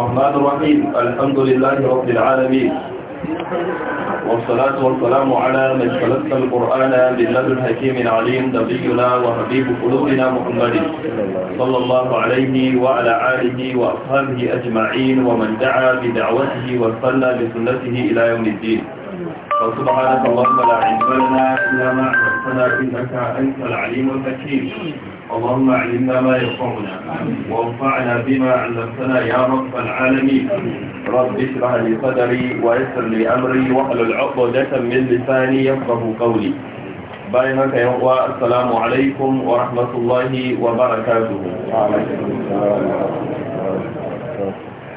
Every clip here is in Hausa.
الرحمن الرحيم الحمد لله رب العالمين والصلاة والسلام على من تلقى القرآن بالله الحكيم العليم نبينا وحبيب قلوبنا محمد صلى الله عليه وعلى آله وأصحابه أجمعين ومن دعا بدعوته وصلى بسنته إلى يوم الدين وسبحانك اللهم لا علم لنا إلا ما علمتنا إنك أنت العليم الحكيم اللهم علمنا ما ينفعنا وانفعنا بما علمتنا يا رب العالمين رب اشرح لي صدري ويسر لي امري واحلل عقدة من لساني يفقه قولي bayan haka yan uwa alaikum wa rahmatullahi wa barakatuhu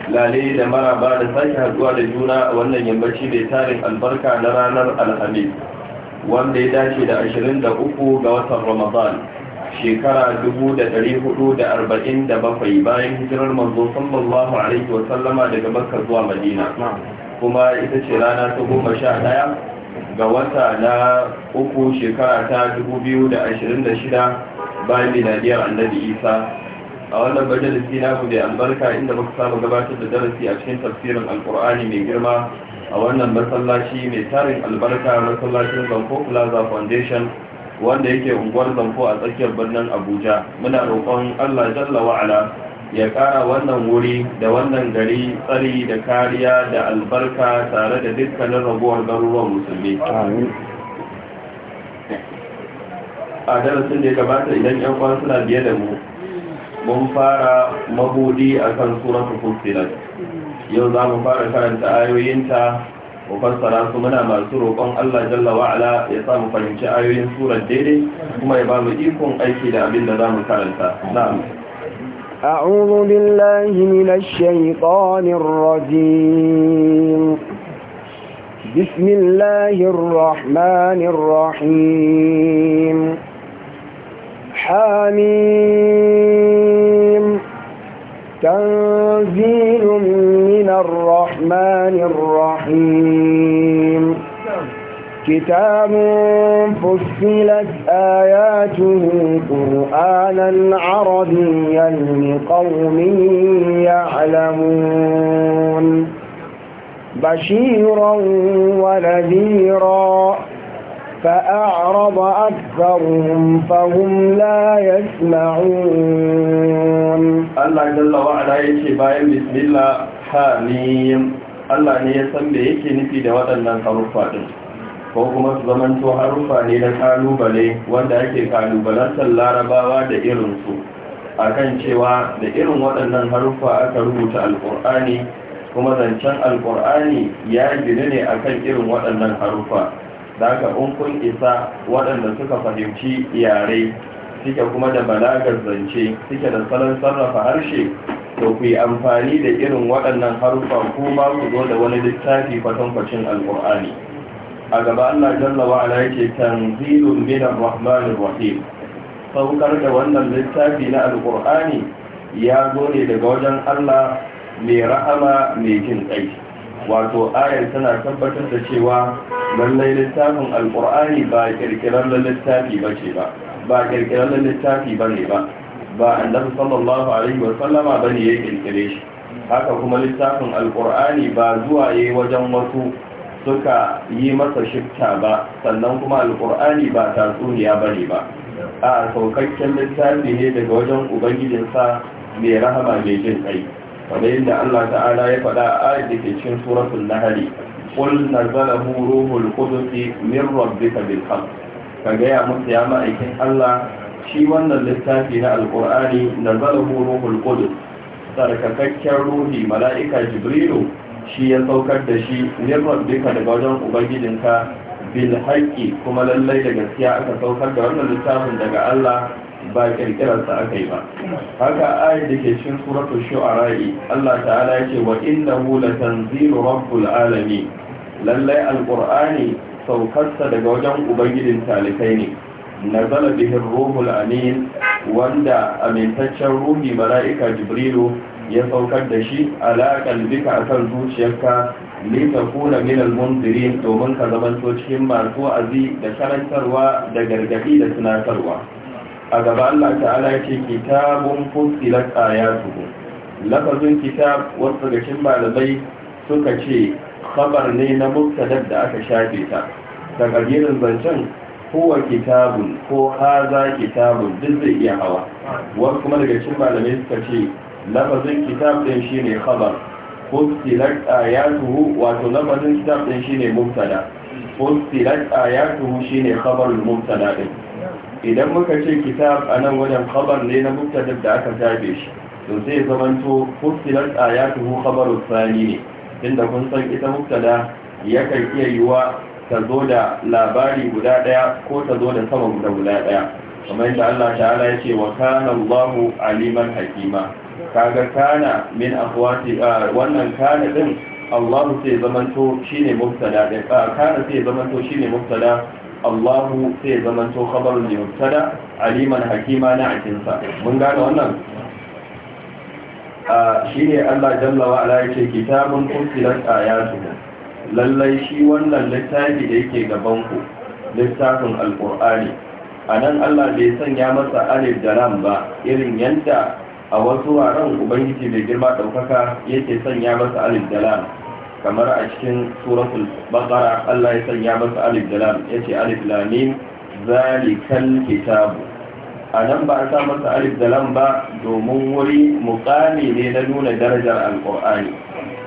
lale da maraba da sake haduwa da juna wannan yammaci mai tarin albarka na ranar alhamis wanda ya dace da 23 ga watan ramadan shekara da da arba'in 447 bayan hijirar manzo sallallahu alaihi wa sallama daga makka zuwa madina kuma ita ce rana ta goma sha daya ga wata na uku shekara ta 2026 bayan miladiyar annabi isa a wannan majalisi na ku da albarka inda muka saba gabatar da darasi a cikin tafsirin alkur'ani mai girma a wannan masallaci mai tarin albarka masallacin banko plaza foundation wanda yake unguwar zamfo a tsakiyar birnin abuja muna roƙon allah jalla wa'ala ya ƙara wannan wuri da wannan gari tsari da kariya da albarka tare da dukkanin raguwar garuruwan musulmi a darasin da ya gabata idan yan kwan suna biye da mu mun fara mabudi a kan surar yau za mu fara karanta ayoyinta mu fassara su muna masu roƙon Allah jalla wa'ala ya sa mu fahimci ayoyin surar daidai kuma ya ba mu ikon aiki da abin da za mu karanta na'am أعوذ بالله من الشيطان الرجيم بسم الله الرحمن الرحيم حميم تنزيل من الرحمن الرحيم كتاب فصلت آياته قرآنا عربيا لقوم يعلمون بشيرا ونذيرا فأعرض أكثرهم فهم لا يسمعون الله جل وعلا يكي باين بسم الله حميم الله ne ya san da yake nufi da waɗannan harufa ɗin ko kuma su zamanto harufa ne na kalubale wanda ake kalubalantar larabawa da irinsu a kan cewa da irin waɗannan harufa aka rubuta alƙur'ani kuma zancen alƙur'ani ya gini ne a kan irin waɗannan harufa da aka kun isa waɗanda suka fahimci yare suke kuma da balagar zance suke da salon sarrafa harshe to ku yi amfani da irin waɗannan harufa kuma ku zo da wani littafi kwatankwacin alƙur'ani a gaba Allah jalla ala yake tanzilun min ar-rahmanir rahim saukar da wannan littafi na Alƙur'ani ya zo ne daga wajen Allah mai rahama mai jin kai wato ayar tana tabbatar da cewa lallai littafin Alƙur'ani ba ƙirƙirar littafi bace ba ba ƙirƙirar littafi bane ba ba annabi sallallahu alaihi wa sallama bane ya ƙirƙire shi haka kuma littafin Alƙur'ani ba zuwa yayi wajen wasu suka yi masa shifta ba sannan kuma alkur'ani ba tatsuniya ba ne ba a saukakken littafi ne daga wajen ubangijinsa mai rahama mai jin kai kamar yadda allah ta'ala ya faɗa a da ke cikin suratul nahari na nazalahu huru qudus min rabbika bil haqq ka gaya musu ya ma'aikin allah shi wannan littafi na alkur'ani nazalahu huru qudus sarkakakken ruhi mala'ika jibrilu shi ya saukar da shi nirmar duka daga wajen ubangijinka bil haƙƙi kuma lallai da gaskiya aka saukar da wannan littafin daga Allah ba kirkirarsa aka yi ba haka ayat da ke cikin suratul shu'ara'i Allah ta'ala yake wa innahu latanzilu rabbul alamin lallai alqur'ani saukarsa daga wajen ubangijin talikai ne nazala bihi ruhul amin wanda amintaccen ruhi mala'ika jibrilu ya saukar da shi duka a akan zuciyarka lita takuna min al domin ka zamanto cikin masu wa'azi da karantarwa da gargadi da tunatarwa a gaba Allah ta'ala ce kitabun fusilat ayatuhu lafazin kitab wasu daga cin malamai suka ce kabar ne na muktadar da aka shafe ta daga zancen kowa kitabun ko haza kitabun duk zai iya hawa wasu kuma daga cin malamai suka ce lafazin kitab din shine khabar fustilat ayatuhu wato lafazin kitab din shine mubtada fustilat ayatuhu ne khabarul mubtada din idan muka ce kitab a nan wajen khabar ne na mubtada da aka tabe shi to sai zamanto fustilat ayatuhu khabarul sani ne inda kun san ita mubtada yakan iya yiwa ta zo da labari guda daya ko ta zo da sama guda guda daya kamar yadda Allah ta'ala ya ce wa kana Allahu aliman hakima kaga kana min akwati ah, wannan kana din Allah sai zamanto shine mubtada da ah, kana sai zamanto shine mubtada Allah sai zamanto khabarun li mubtada aliman hakima na akinsa mun gane wannan A ah, shine Allah jalla wa ala yake kitabun fusilat ayatu lallai shi wannan littafi da yake gaban ku littafin alqur'ani anan Allah bai sanya masa alif da lam ba irin yanda a wasu wuraren ubangiji mai girma ɗaukaka yake sanya masa alif da lam kamar a cikin suratul baqara Allah ya sanya masa alif da lam yace alif lam mim zalikal kitabu a nan ba a sa masa alif da lam ba domin wuri muqami ne na nuna darajar alqur'ani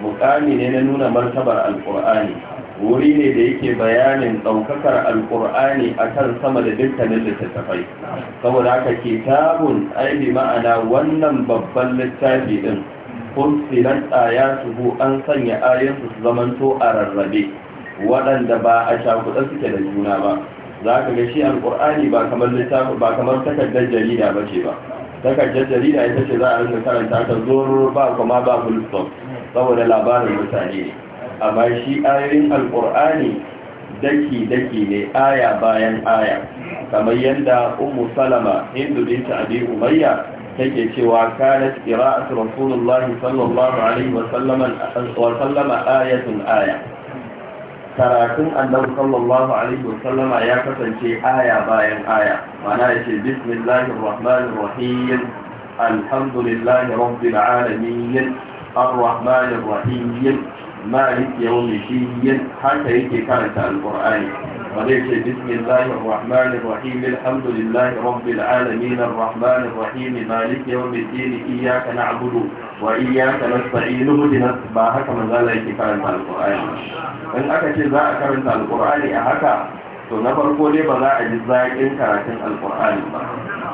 muqami ne na nuna martabar alqur'ani wuri ne da yake bayanin ɗaukakar alkur'ani a kan sama da dukkanin littattafai saboda haka kitabun aibi ma'ana wannan babban littafi ɗin fulsilan tsaya su bu an sanya ayansu su zamanto a rarrabe waɗanda ba a shakuɗa suke da juna ba za ka ga shi alkur'ani ba kamar littafi ba kamar takardar jarida ba ce ba takardar jarida ita ce za a rinka karanta ta zur ba kuma ba full saboda labarin mutane ne amma shi ayoyin alkur'ani daki-daki ne aya bayan aya kamar yadda umu salama hindu dinta abi umayya take cewa kanat qira'atu rasulullahi sallallahu alaihi wa sallama ayatun aya karatun annabi sallallahu alaihi wa sallama ya kasance aya bayan aya mana yace bismillahir rahmanir rahim alhamdulillahi rabbil alamin arrahmanir rahim ma yake wani yin haka yake karanta al-qur'ani wanda yake bismillahir rahmanir rahim alhamdulillahi rabbil alamin arrahmanir rahim malik yawmiddin iyyaka na'budu wa iyyaka nasta'in ihdina ba haka manzo yake karanta al in aka ce za a karanta al a haka to na farko dai ba za a ji zaƙin karatun alƙur'ani ba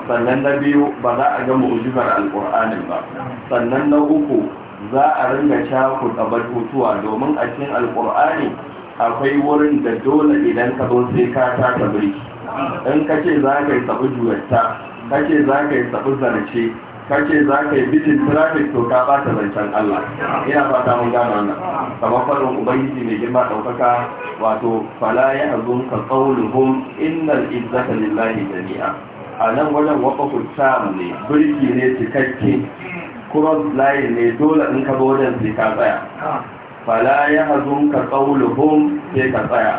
sannan na biyu ba za a gama mu'ujizar alƙur'ani ba sannan na uku za a ringa cakuta batutuwa domin a cikin alkur'ani akwai wurin da dole idan ka zo sai ka ta birki in ka ce za ka yi sabu juyarta, ka ce za ka yi sabu ka ce za ka yi bitin traffic to ka ba ta zancen Allah ina fata mun gama wannan kamar faɗin ubangiji mai girma ɗaukaka wato fala ya azun ka qauluhum innal izzata lillahi jami'a a nan wajen waqafut sam ne birki ne cikakke cross line ne dole in ka wajen sai ka tsaya ah. fala ya hazun ka qauluhum sai ka tsaya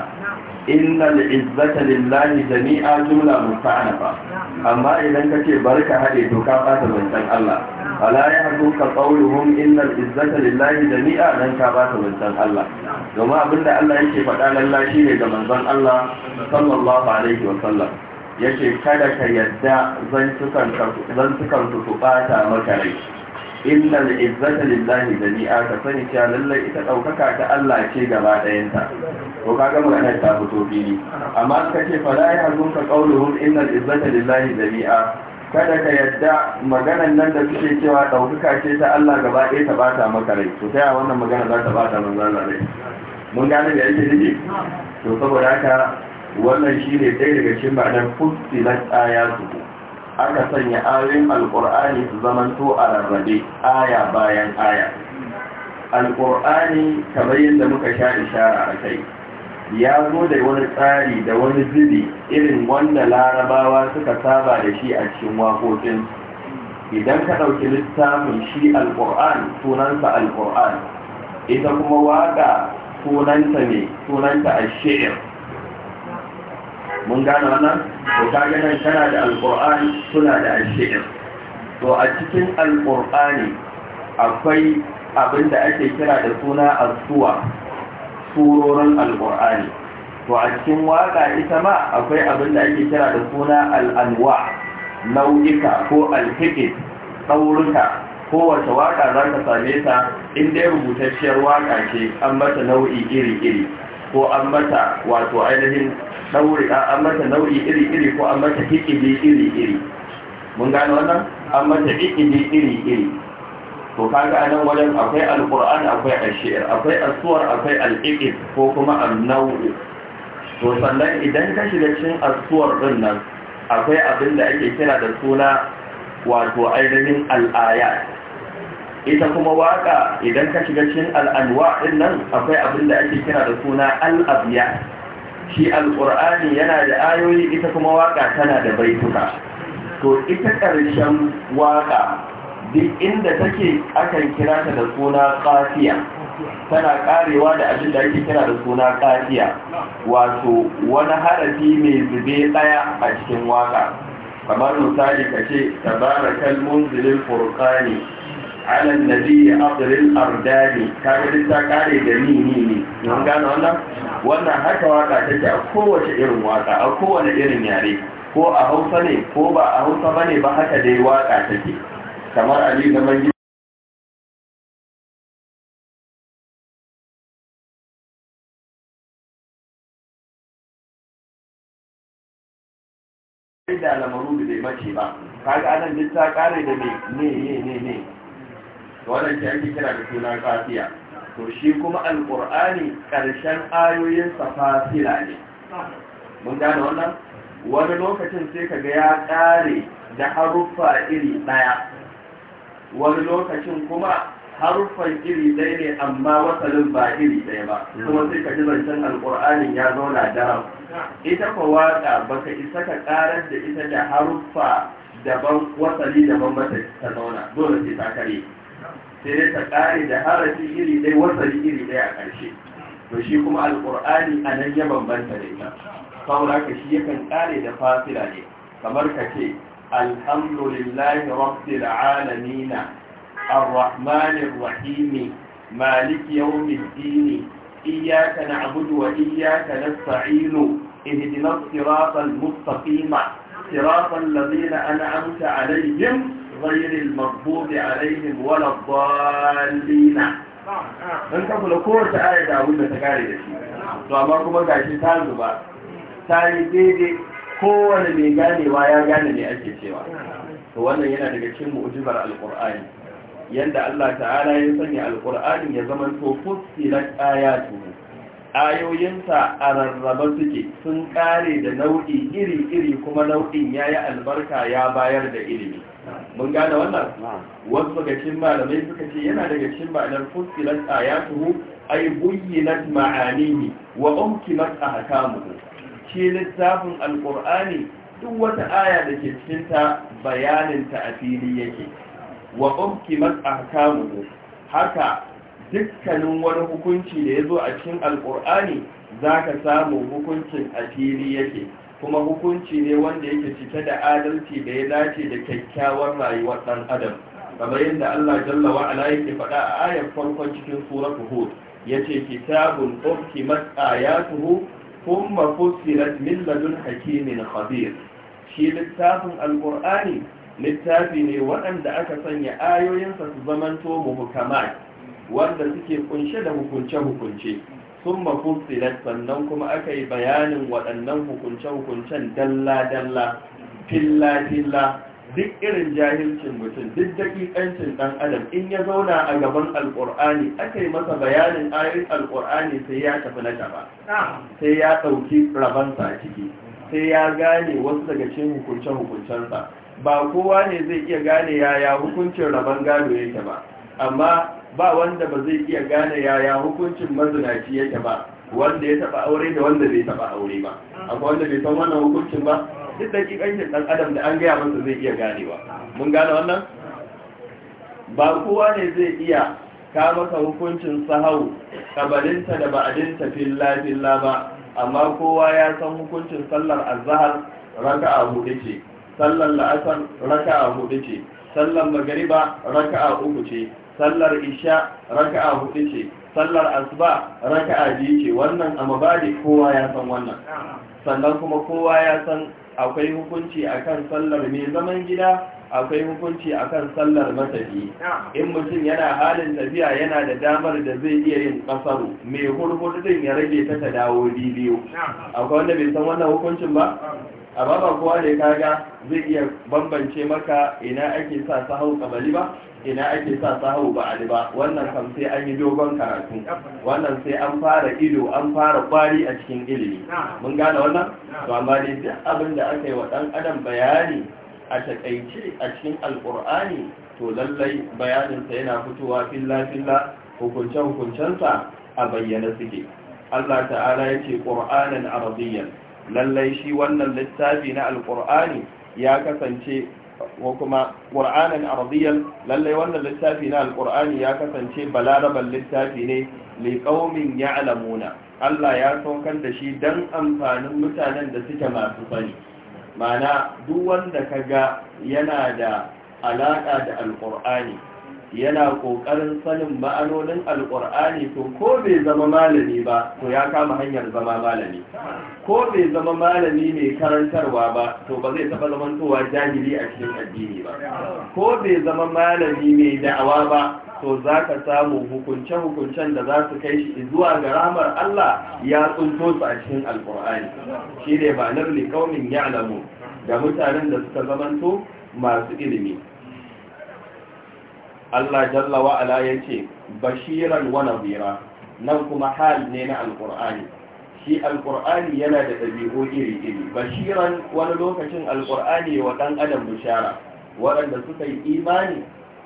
Inna izzata lillahi jami'a jumla musta'anafa ah. amma idan ka ce barka hade to ka bata bantan Allah ah. fala ya hazun ka qauluhum innal izzata lillahi jami'a dan ka bata bantan Allah domin abinda Allah yake faɗa lallashi ne ga manzon Allah sallallahu alaihi wa sallam ya ce kada ka yadda zantukansu su bata maka rai inna al-izzata lillahi jami'a ka sani cewa lallai ita daukaka ta Allah ce gaba ɗayanta to kaga magana ta fito fili amma ka ce fa la yahzunka qawluhum inna al-izzata lillahi jami'a kada ka yadda maganan nan da suke cewa daukaka ce ta Allah gaba ɗaya ta bata maka rai to a wannan magana za ta bata manzon rai mun gane da yake nufi to saboda haka wannan shine ɗaya daga cikin ma'anar fussilat ayatu aka sanya ayoyin alkur'ani su zamanto a rarrabe aya bayan aya alkur'ani kamar yadda muka sha ishara a kai ya zo da wani tsari da wani zubi irin wanda larabawa suka saba da shi a cikin waƙoƙin idan ka ɗauki littafin shi alkur'an sunansa alkur'an ita kuma waƙa sunanta ne sunanta a mun gane wannan to kaga nan tana da Alƙur'ani suna da al to a cikin Alƙur'ani, akwai abin da ake kira da suna as-suwa Alƙur'ani. to a cikin waƙa ita ma akwai abin da ake kira da suna al-anwa nau'ika ko alhikin tsaurinka ko kowace waƙa za ka same ta in ya rubutacciyar waƙa ce an mata nau'i iri-iri ko an mata wato ainihin ɗauri an mata nau'i iri-iri ko an mata bi iri-iri mun gano wannan an mata bi iri-iri to kaga a nan wajen akwai alƙur'an akwai ashir akwai asuwar akwai al'iƙib ko kuma annau to sannan idan ka shiga cikin asuwar din nan akwai abin da ake kira da suna wato ainihin al'ayat ita kuma waka idan ka shiga cikin al'anwa din nan akwai abin da ake kira da suna al'abiya shi al'ur'ani yana da ayoyi ita kuma waka tana da baituka to ita ƙarshen waka duk inda take akan kira ta da suna kafiya tana karewa da abin da ake kira da suna kafiya wato wani harafi mai zube ɗaya a cikin waka kamar misali ka ce tabarakal munzilil furqani على النبي abdul ardani kaga duk ta kare da ni ni ni mun gano wannan wannan haka waka take a kowace irin waka a kowane irin yare ko a Hausa ne ko ba a Hausa ba haka waka take kamar da mangi da bai mace ba kaga anan duk ta kare da ne ne ne ne wannan shi ake kira da suna fasiya to shi kuma alƙur'ani ƙarshen ayoyinsa fasila ne mun gane wannan wani lokacin sai kaga ya kare da haruffa iri ɗaya wani lokacin kuma haruffan iri ɗaya ne amma wasalin ba iri ɗaya ba kuma sai ka ji zancen alƙur'anin ya zauna daram ita ko waƙa baka isa ka karar da ita da haruffa daban wasali daban mata ta zauna dole sai ta kare sai dai ta da harafi iri ɗaya wasali iri ɗaya a ƙarshe to shi kuma alƙur'ani a nan ya bambanta da ita saboda ka shi yakan ƙare da fasila ne kamar ka ce alhamdulillahi rabbil alamin arrahmanir rahim مالك يوم الدين إياك نعبد وإياك نستعين اهدنا الصراط المستقيم صراط الذين أنعمت عليهم غير المغضوب عليهم ولا الضالين dan ka kula kowace aya da abin da ta kare da shi to amma kuma gashi ta zuba ta yi daidai kowane mai ganewa ya gane ne ake cewa to wannan yana daga cikin mu'jibar alqur'ani yanda Allah ta'ala ya sanya alqur'ani ya zama to fussilat ayatuhu ayoyinsa a rarraba suke sun kare da nau'i iri-iri kuma nau'in yayi albarka ya bayar da ilimi mun gane wannan wasu daga cikin malamai suka ce yana daga cikin ma'anar fusilat ayatuhu ay buyyinat ma'anihi wa umkilat ahkamuhu shi littafin alqur'ani duk wata aya da ke cikin ta bayanin ta a fili yake wa umkilat ahkamuhu haka dukkanin wani hukunci da ya zo a cikin alqur'ani zaka samu hukuncin a fili yake kuma hukunci ne wanda yake cike da adalci da ya dace da kyakkyawar rayuwar ɗan adam kamar yadda Allah jalla wa ala yake faɗa a ayar farkon cikin suratul hud yace kitabun uhkimat ayatuhu thumma fusilat min ladun hakimin khabir shi littafin alqur'ani littafi ne waɗanda aka sanya ayoyinsa su zamanto muhkamat wanda suke kunshe da hukunce-hukunce sun mafusilat sannan kuma aka yi bayanin waɗannan hukunce-hukuncen dalla-dalla filla-filla duk irin jahilcin mutum duk daƙiƙancin ɗan adam in ya zauna a gaban alƙur'ani aka yi masa bayanin ayin alƙur'ani sai ya tafi na gaba sai ya ɗauki rabansa a ciki sai ya gane wasu daga cikin hukunce-hukuncensa ba kowa ne zai iya gane yaya hukuncin rabon gado yake ba amma ba wanda ba zai iya gane yaya hukuncin mazinaci yake ba wanda ya taba aure da wanda bai taba aure ba akwai wanda bai san wannan hukuncin ba duk da dakikancin dan adam da an gaya masa zai iya ganewa mun gane wannan ba kowa ne zai iya ka masa hukuncin sahau kabarinta da ba'adinta filla filla ba amma kowa ya san hukuncin sallar azhar raka'a hudu ce sallar la'asar raka'a hudu ce sallar magariba raka'a uku ce sallar isha raka'a hudu ce sallar asuba raka'a biyu ce wannan a mabadi kowa ya san wannan sannan kuma kowa ya san akwai hukunci akan sallar mai zaman gida akwai hukunci akan sallar matafi in mutum yana halin tafiya yana da damar da zai iya yin kasaru mai hurhur din ya rage ta ta dawo biyu akwai wanda bai san wannan hukuncin ba A baba, kowa ne kaga zai iya bambance maka ina ake sa sahau kabali ba ina ake sa sahu ba ba wannan kam sai an yi dogon karatu wannan sai an fara ido an fara kwari a cikin ilimi mun gane wannan to amma dai duk abin da aka yi wa dan adam bayani a takaice a cikin alkur'ani to lallai bayaninsa yana fitowa filla filla hukunce hukuncensa a bayyana suke Allah ta'ala ya ce ƙur'anin arabiyyan lallai shi wannan littafi na alkur'ani ya kasance ko kuma qur'anan arabiyyan lallai wannan littafi na alqur'ani ya kasance balaraban littafi ne li qaumin ya'lamuna Allah ya saukar da shi dan amfanin mutanen da suke masu sani ma'ana duk wanda ka ga yana da alaƙa da alqur'ani yana ƙoƙarin sanin ma'anonin alƙur'ani to ko bai zama malami ba to ya kama hanyar zama malami ko bai zama malami mai karantarwa ba to ba zai taɓa zamantowa jahili a cikin addini ba ko bai zama malami mai da'awa ba to za ka samu hukunce-hukuncen da za su kai shi zuwa ga ramar Allah ya tsunto su a cikin alƙur'ani shi ne ma'anar likaumin ya'lamu da mutanen da suka zamanto masu ilimi Allah jalla wa ala yace bashiran wa nadira nan kuma hal ne na alqur'ani shi alqur'ani yana da ɗabi'u iri iri bashiran wani lokacin alqur'ani wa dan adam bishara waɗanda suka yi imani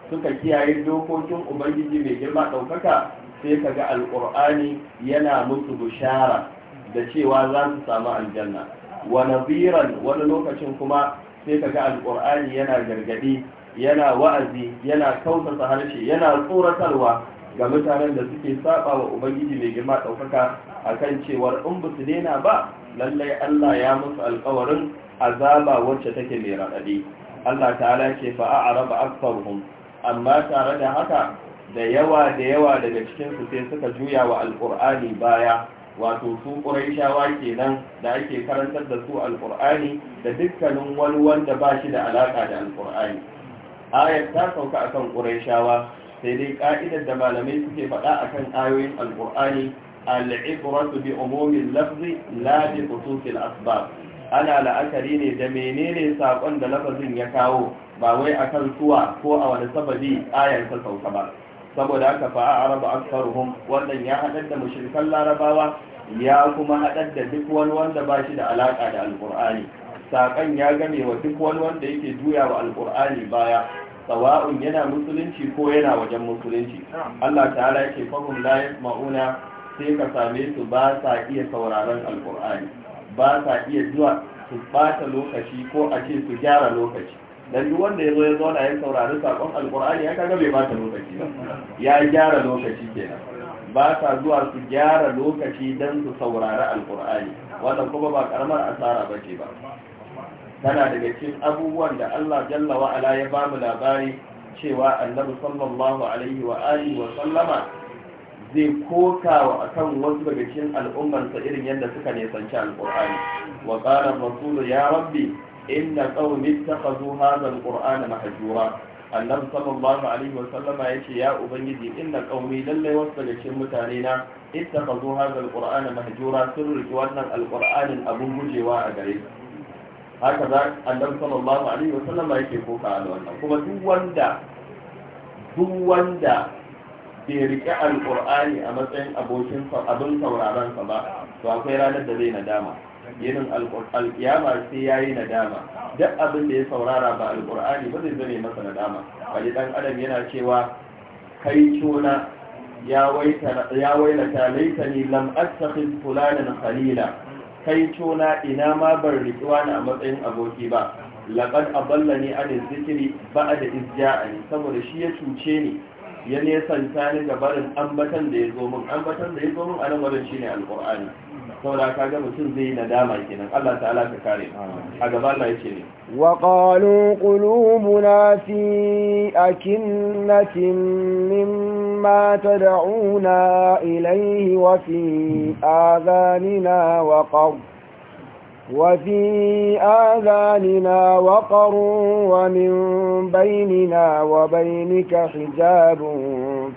suka kiyaye dokokin ubangiji mai girma ɗaukaka sai ka ga alƙur'ani yana musu bishara da cewa za su samu aljanna wani naziran wani lokacin kuma sai ka ga alƙur'ani yana gargaɗi yana wa'azi yana kautasa harshe yana tsoratarwa ga mutanen da suke saba wa ubangiji mai girma ɗaukaka kan cewar in ba su daina ba lallai Allah ya musu alkawarin azaba wacce take mai raɗaɗi Allah ta'ala ce fa a'raba aktsaruhum amma tare da haka da yawa da yawa daga cikin su sai suka juya wa Alƙur'ani baya wato su ƙuraishawa kenan da ake karantar da su Alƙur'ani da dukkanin wani wanda ba shi da alaƙa da Alƙur'ani. ayar ta sauka akan ƙurayshawa sai dai ka'idar da malamai suke faɗa akan ayoyin alƙur'ani al'ibratu bi umumi lafzi la bi khususil asbab ana la'akari ne da menene sakon da lafazin ya kawo ba wai akan suwa ko a wani sababi ayar ta sauka ba saboda haka fa arabu aktharuhum wannan ya haɗar da mushrikan larabawa ya kuma haɗar da duk wani wanda ba shi da alaƙa da alqur'ani saƙon ya game wa duk wani wanda yake juya wa alƙur'ani baya sawa'un yana musulunci ko yana wajen musulunci Allah ta'ala yake fahim la yasma'una sai ka same su ba sa iya sauraron alƙur'ani ba sa iya zuwa su bata lokaci ko a ce su gyara lokaci dan duk wanda ya zo ya zauna ya saurari saƙon alƙur'ani ya kaga bai bata lokaci ba ya gyara lokaci kenan ba sa zuwa su gyara lokaci don su saurari alƙur'ani wannan kuma ba karamar asara bace ba tana daga cikin abubuwan da Allah jalla wa ala ya ba mu labari cewa annabi sallallahu alaihi wa alihi wa sallama zai kokawa akan wasu daga cikin al'ummarsa irin yadda suka nisanci alqur'ani wa qala rasulu ya rabbi inna qaumi ittakhadhu hadha alqur'ana mahjura annabi sallallahu alaihi wa sallama yace ya ubangiji inna qaumi lallai wasu daga cikin mutane na ittakhadhu hadha alqur'ana mahjura sun riki wannan alqur'anin abun gujewa a gare su haka za annabi sallallahu wasu wasallam yake koka da wannan kuma duk wanda duk wanda bai rike al'ƙur'ani a matsayin abokin abin sauraron sa ba to akwai ranar da zai nadama yinin alƙiyama sai ya yi nadama duk abin da ya saurara ba alƙur'ani ba zai zane masa nadama bali dan adam yana cewa kai cona ya wailata laitani lam attakhiz fulanan khalila kai cona ina ma ban rikiwa na a matsayin aboki ba laƙad aballa ne a da zikiri ba a da izja ne saboda shi ya cuce ni ya nesanta ni ga barin ambatan da ya zo min ambatan da ya zo min a nan wajen shi ne alƙur'ani saboda ka ga mutum zai yi nadama kenan Allah ta'ala ka kare a gaba Allah yake ne wa qalu qulubuna fi akinnatin mimma tad'una ilayhi wa fi adhanina wa qawm وفي آذاننا وقر ومن بيننا وبينك حجاب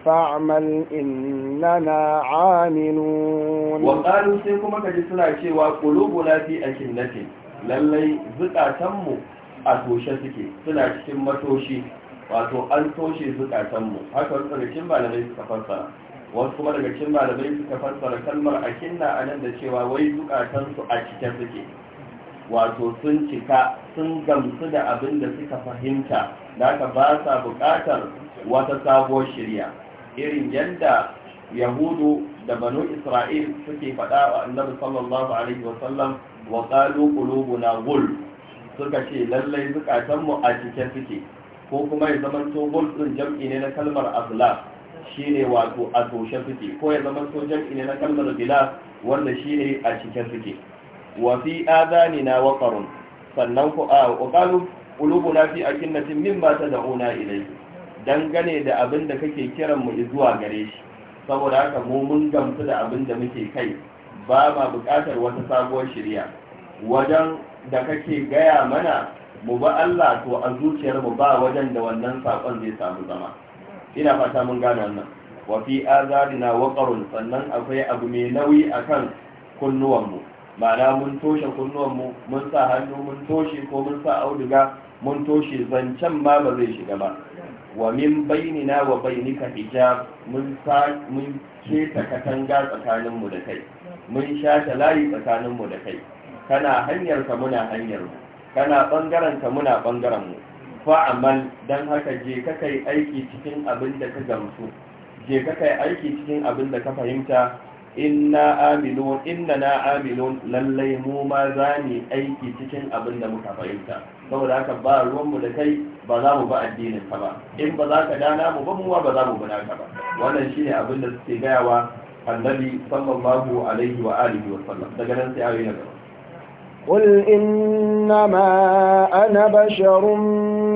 فاعمل إننا عاملون وقالوا سيكما كجسنا شيوا قلوبنا في أكنة للي زكاة تمو أتوشتك سنا cikin توشي wato an toshe zukatanmu haka wasu daga cikin malamai suka fassara wasu kuma daga cikin malamai suka fassara kalmar akinna a nan da cewa wai zukatansu a cike suke wato sun cika sun gamsu da abin da suka fahimta da aka ba sa bukatar wata sabuwar shirya irin yadda yahudu da banu isra'il suke faɗa wa annabi sallallahu alaihi wa sallam wa qalu qulubuna gul suka ce lallai zukatan a cikin suke ko kuma ya zama to gul din jam'i ne na kalmar azla shine wato a toshe suke ko ya zama to jam'i ne na kalmar bila wanda shine a cikin suke wa fi na waqarun sannan ku a qalu qulubuna fi akinnatin mimma tad'una ilayhi dangane da abin da kake kiran mu zuwa gare shi saboda haka mu mun gamsu da abin da muke kai ba ma buƙatar wata sabuwar shirya wajen da kake gaya mana mu ba Allah to a zuciyar mu ba wajen da wannan sakon zai samu zama ina fata mun gane wannan wa fi azadina waqarun sannan akwai abu mai nauyi akan kunnuwan mu ma'ana mun toshe kunnuwan mu mun sa hannu mun toshe ko mun sa auduga mun toshe zancen ma ba zai shiga ba wa min bainina wa bainika hijab mun sa mun keta katanga tsakanin mu da kai mun sha ta layi tsakanin mu da kai kana hanyar ka muna hanyar mu kana bangaren ka muna bangaren mu fa amal dan haka je ka kai aiki cikin abin da ka gamsu je ka kai aiki cikin abin da ka fahimta inna amilun inna na amilun lallai mu ma za mu aiki cikin abin da muka fahimta saboda haka ba ruwanmu da kai ba za mu ba addinin ka ba in ba za ka dana mu ba muwa ba za mu bana ka ba wannan shine abin da suke gayawa annabi sallallahu alaihi wa alihi wa sallam daga nan sai ayoyi na gaba قل إنما أنا بشر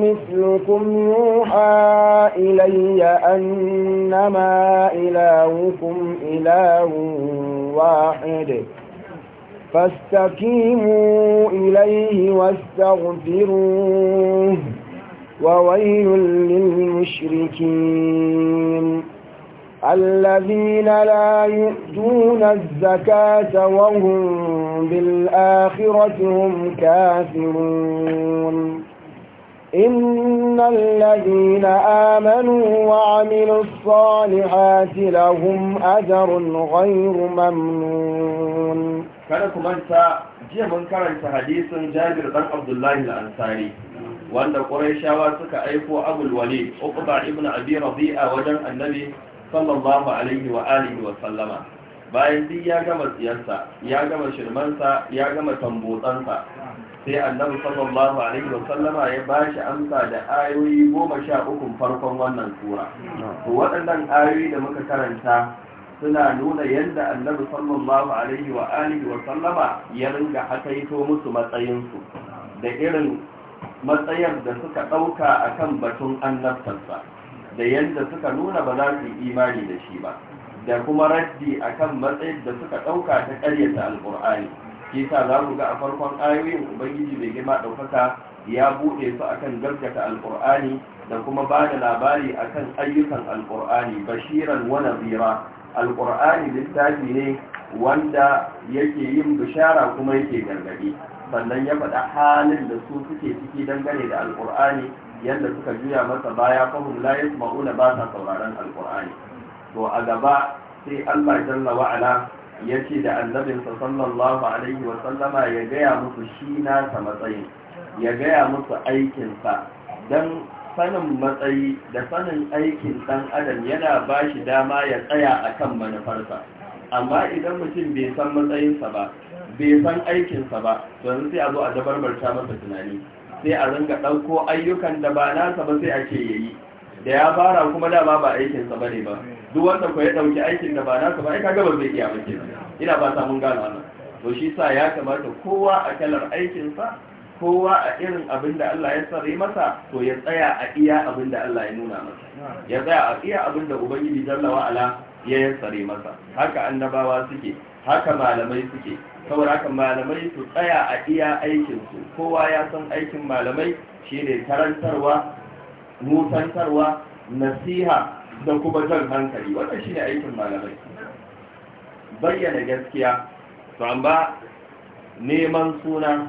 مثلكم يوحى إلي أنما إلهكم إله واحد فاستقيموا إليه واستغفروه وويل للمشركين الذين لا يؤتون الزكاة وهم بالآخرة هم كافرون إن الذين آمنوا وعملوا الصالحات لهم أجر غير ممنون kada ku manta jiya mun karanta hadisin Jabir dan Abdullah al-Ansari wanda Qurayshawa suka aiko Abu al-Walid ibn Abi Rabi'a wajen Annabi sallallahu alaihi wa wa sallama bayan duk ya gama tsiyarsa ya gama shirmansa ya gama tambotsansa sai annabi sallallahu alaihi wa sallama ya bashi amsa da ayoyi goma sha uku farkon wannan sura to waɗannan ayoyi da muka karanta suna nuna yadda annabi sallallahu alaihi wa alihi wa sallama ya ringa hakaito musu matsayinsu da irin matsayar da suka ɗauka akan batun annabtansa da yadda suka nuna ba za su yi imani da shi ba da kuma raddi akan matsayin da suka ɗauka ta ƙaryata alƙur'ani shi za mu ga a farkon ayoyin ubangiji mai girma ɗaukaka ya buɗe su akan gaskata alƙur'ani da kuma ba da labari akan ayyukan alƙur'ani bashiran wa nazira alƙur'ani littafi ne wanda yake yin bishara kuma yake gargaɗi sannan ya faɗa halin da su suke ciki dangane da alƙur'ani yadda suka juya masa baya fahim la yasma'una ba sa sauraron alƙur'ani to a gaba sai Allah jalla wa'ala ya ce da annabinsa sallallahu alaihi wasallama ya gaya musu shi nasa matsayi ya gaya musu aikinsa don sanin matsayi da sanin aikin ɗan adam yana ba shi dama ya tsaya a kan manufarsa amma idan mutum bai san matsayinsa ba bai san aikinsa ba to sai a zo a dabarbarta masa tunani sai a ringa ɗauko ayyukan da ba nasa ba sai a ce ya da ya fara kuma da ba aikinsa ba ne ba duk wanda ko ya dauki aikin da ba naka ba ai kaga ba zai iya ba ina ba ta mun gano wannan to shi sa ya kamata kowa a kalar aikin sa kowa a irin abin da Allah ya sare masa to ya tsaya a iya abin da Allah ya nuna masa ya tsaya a iya abin da ubangiji jalla wa ala ya sare masa haka annabawa suke haka malamai suke saboda haka malamai su tsaya a iya aikinsu kowa ya san aikin malamai shine karantarwa nusantarwa nasiha da kuma zan hankali wannan shine aikin malamai bayyana gaskiya ba neman suna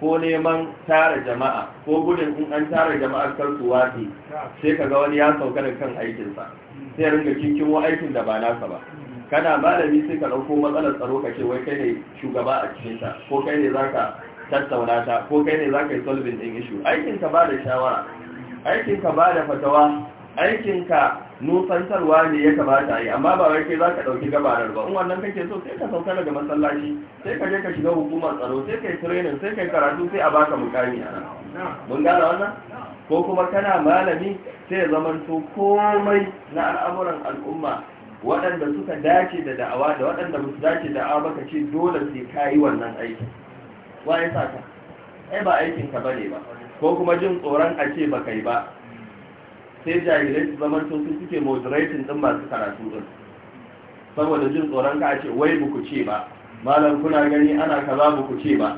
ko neman tara jama'a ko gudun in an tara jama'a kan su wafi sai kaga wani ya sauka da kan aikinsa sai ringa wa aikin da ba nasa ba kana malami sai ka ɗauko matsalar tsaro ka ce wai kai ne shugaba a cikin ta ko kai ne zaka tattauna ta ko kai ne zaka yi solving din issue aikin ka ba da shawara aikin ka ba da fatawa aikin ka nufantarwa ne ya kamata a yi amma ba wai kai za ka ɗauki gabarar ba in wannan kake so sai ka sauka daga masallaci sai ka je ka shiga hukumar tsaro sai ka yi training sai ka karatu sai a baka mukami a nan mun gane wannan ko kuma kana malami sai ya zamanto komai na al'amuran al'umma waɗanda suka dace da da'awa da waɗanda ba dace da da'awa ba ce dole sai ka yi wannan aiki wa ya sa ka ai ba aikin ka bane ba ko kuma jin tsoron a ce baka yi ba sai jahilai su zama sun suke moderating din masu karatu din saboda jin tsoron ka ce wai buku ce ba malam kuna gani ana kaza buku ce ba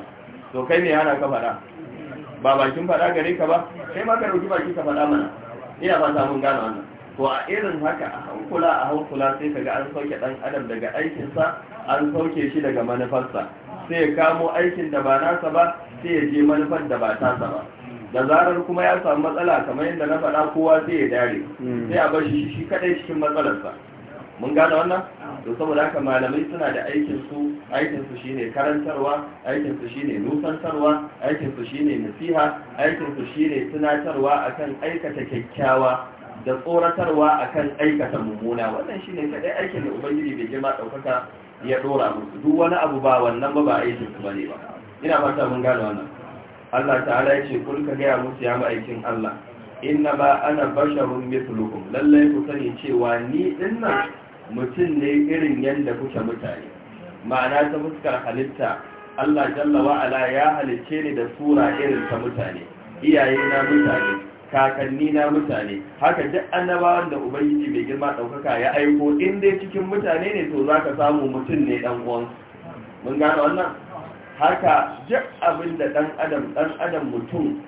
to kai me ana ka faɗa ba bakin faɗa gare ka ba kai ma ka dauki baki ka faɗa mana ina ba samun gane wannan to a irin haka a hankula a hankula sai ka ga an sauke dan adam daga aikinsa an sauke shi daga manufarsa sai ya kamo aikin da ba nasa ba sai ya je manufar da ba tasa ba da zarar kuma ya samu matsala kamar yadda na faɗa kowa sai ya dare hmm. sai a bar shi shi kadai cikin matsalarsa mun gane wannan to saboda haka malamai suna da aikin su aikin su shine karantarwa aikin su shine nusantarwa aikin su shine nasiha aikin su shine tunatarwa akan aikata kyakkyawa da tsoratarwa akan aikata mummuna wannan shine kadai aikin da ubangiji bai jima daukaka ya dora musu duk wani abu ba wannan ba ba aikin su bane ba ina fata mun gane wannan Allah ta'ala ya ce kun ka gaya musu ya ma'aikin Allah inna ba ana basharun mithlukum lallai ku sani cewa ni dinnan mutum ne irin yanda kuke mutane ma'ana ta fuskar halitta Allah jalla wa ya halicce ni da sura irin ta mutane iyaye na mutane kakanni na mutane haka duk annabawan da ubangiji mai girma daukaka ya aiko in dai cikin mutane ne to zaka samu mutum ne dan uwan mun gane wannan haka duk abin da ɗan adam ɗan adam mutum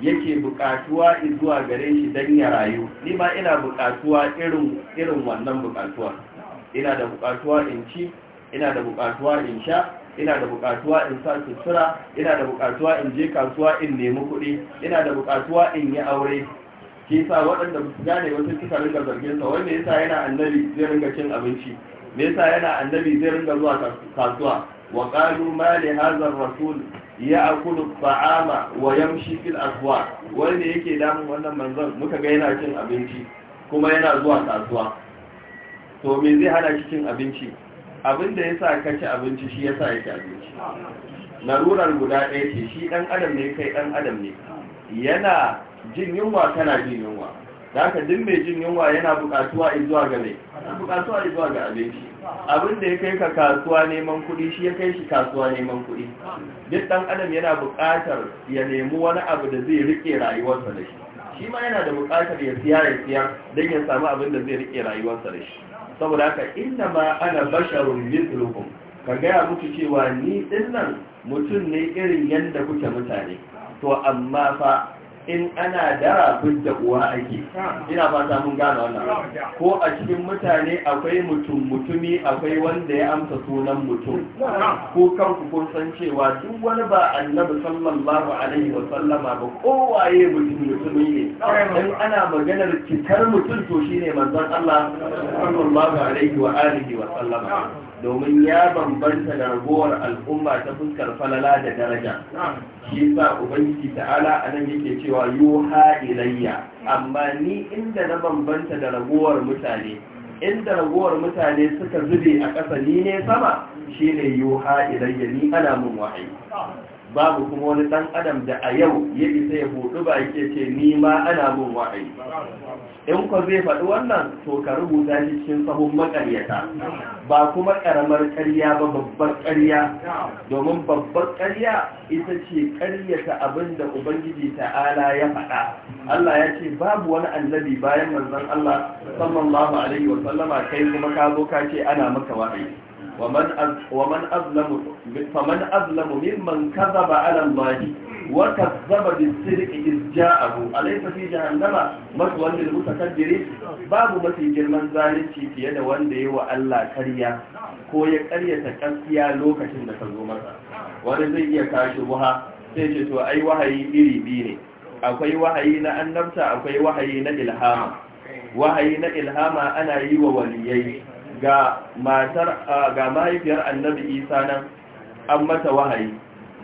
yake buƙatuwa zuwa gare shi don ya rayu ni ba ina buƙatuwa irin irin wannan buƙatuwa ina da buƙatuwa in ci ina da buƙatuwa in sha ina da buƙatuwa in sa sutura ina da buƙatuwa in je kasuwa in nemi kuɗi ina da buƙatuwa in yi aure ke sa waɗanda su gane wasu suka ringa zargin sa wanda yasa yana annabi zai ringa cin abinci me yasa yana annabi zai ringa zuwa kasuwa وقالوا ما لهذا الرسول ياكل الطعام ويمشي في الاسواق wanda yake damun wannan manzon muka ga yana cin abinci kuma yana zuwa kasuwa to me zai hana shi cin abinci Abinda yasa ka abinci shi yasa yake abinci larurar guda ɗaya ce shi ɗan adam ne kai ɗan adam ne yana jin yunwa kana jin yunwa da aka duk mai jin yunwa yana bukatuwa zuwa ga mai bukatuwa zuwa ga abinci abinda ya kai ka kasuwa neman kuɗi shi ya kai shi kasuwa neman kuɗi duk ɗan adam yana bukatar ya nemi wani abu da zai rike rayuwarsa da shi shi ma yana da bukatar ya siya ya siya don ya samu abin da zai rike rayuwarsa da shi saboda haka inda ma ana basharun mithlukum ka gaya muku cewa ni dinnan mutum ne irin yadda kuke mutane to amma fa in ana dara da uwa ake ina fata mun gane wannan ko a cikin mutane akwai mutum mutumi akwai wanda ya amsa sunan mutum ko kanku kun san cewa duk wani ba annabi sallallahu alaihi wa sallama ba kowaye mutum mutumi ne in ana maganar cikar mutum to shine manzon Allah sallallahu alaihi wa alihi wa sallama domin ya bambanta da ragowar al'umma ta fuskar falala da daraja shi sa ubangiji ta'ala a nan yake cewa 'Yi yuha ilayya amma ni inda na bambanta da ragowar mutane inda ragowar mutane suka zube a ƙasa ni ne sama shine yuha ilayya ni ana mun wahayi babu kuma wani dan adam da a yau ya isa ya hudu ba ke ce ni ma ana mun wa'ayi in ko zai faɗi wannan to ka rubuta shi cikin sahun makaryata ba kuma karamar ƙarya ba babbar ƙarya domin babbar ƙarya ita ce ƙaryata abin da ubangiji ta'ala ya faɗa Allah ya ce babu wani annabi bayan manzon Allah sallallahu alaihi wa sallama kai kuma ka zo ka ce ana maka wa'ayi ومن أظلم فمن أظلم ممن كذب على الله وكذب بالسرق إذ جاءه أليس في جهنم مثوى للمتكبرين باب ما في جرمان ذلك في يد وندي وألا كريا ko ya karyata gaskiya lokacin da ta zo masa wani zai iya kashi wuha sai ce ai wahayi iri biyu ne akwai wahayi na annabta akwai wahayi na ilhama wahayi na ilhama ana yi wa waliyai ga matar ga mahaifiyar annabi isa nan an mata wahayi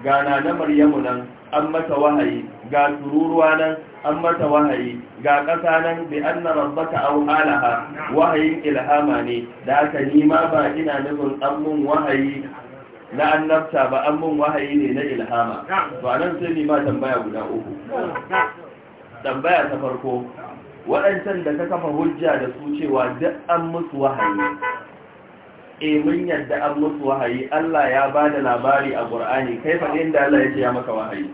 ga nana maryamu nan an mata wahayi ga tururuwa nan an mata wahayi ga ƙasa nan bi anna rabbaka aw alaha wahayin ilhama ne da aka nima ba ina nufin an mun wahayi na annabta ba an mun wahayi ne na ilhama Ba nan sai ni ma tambaya guda uku tambaya ta farko waɗancan da ka kafa hujja da su cewa duk an musu wahayi e mun yadda an musu wahayi Allah ya bada labari a Qur'ani kai fa inda Allah ya ce ya maka wahayi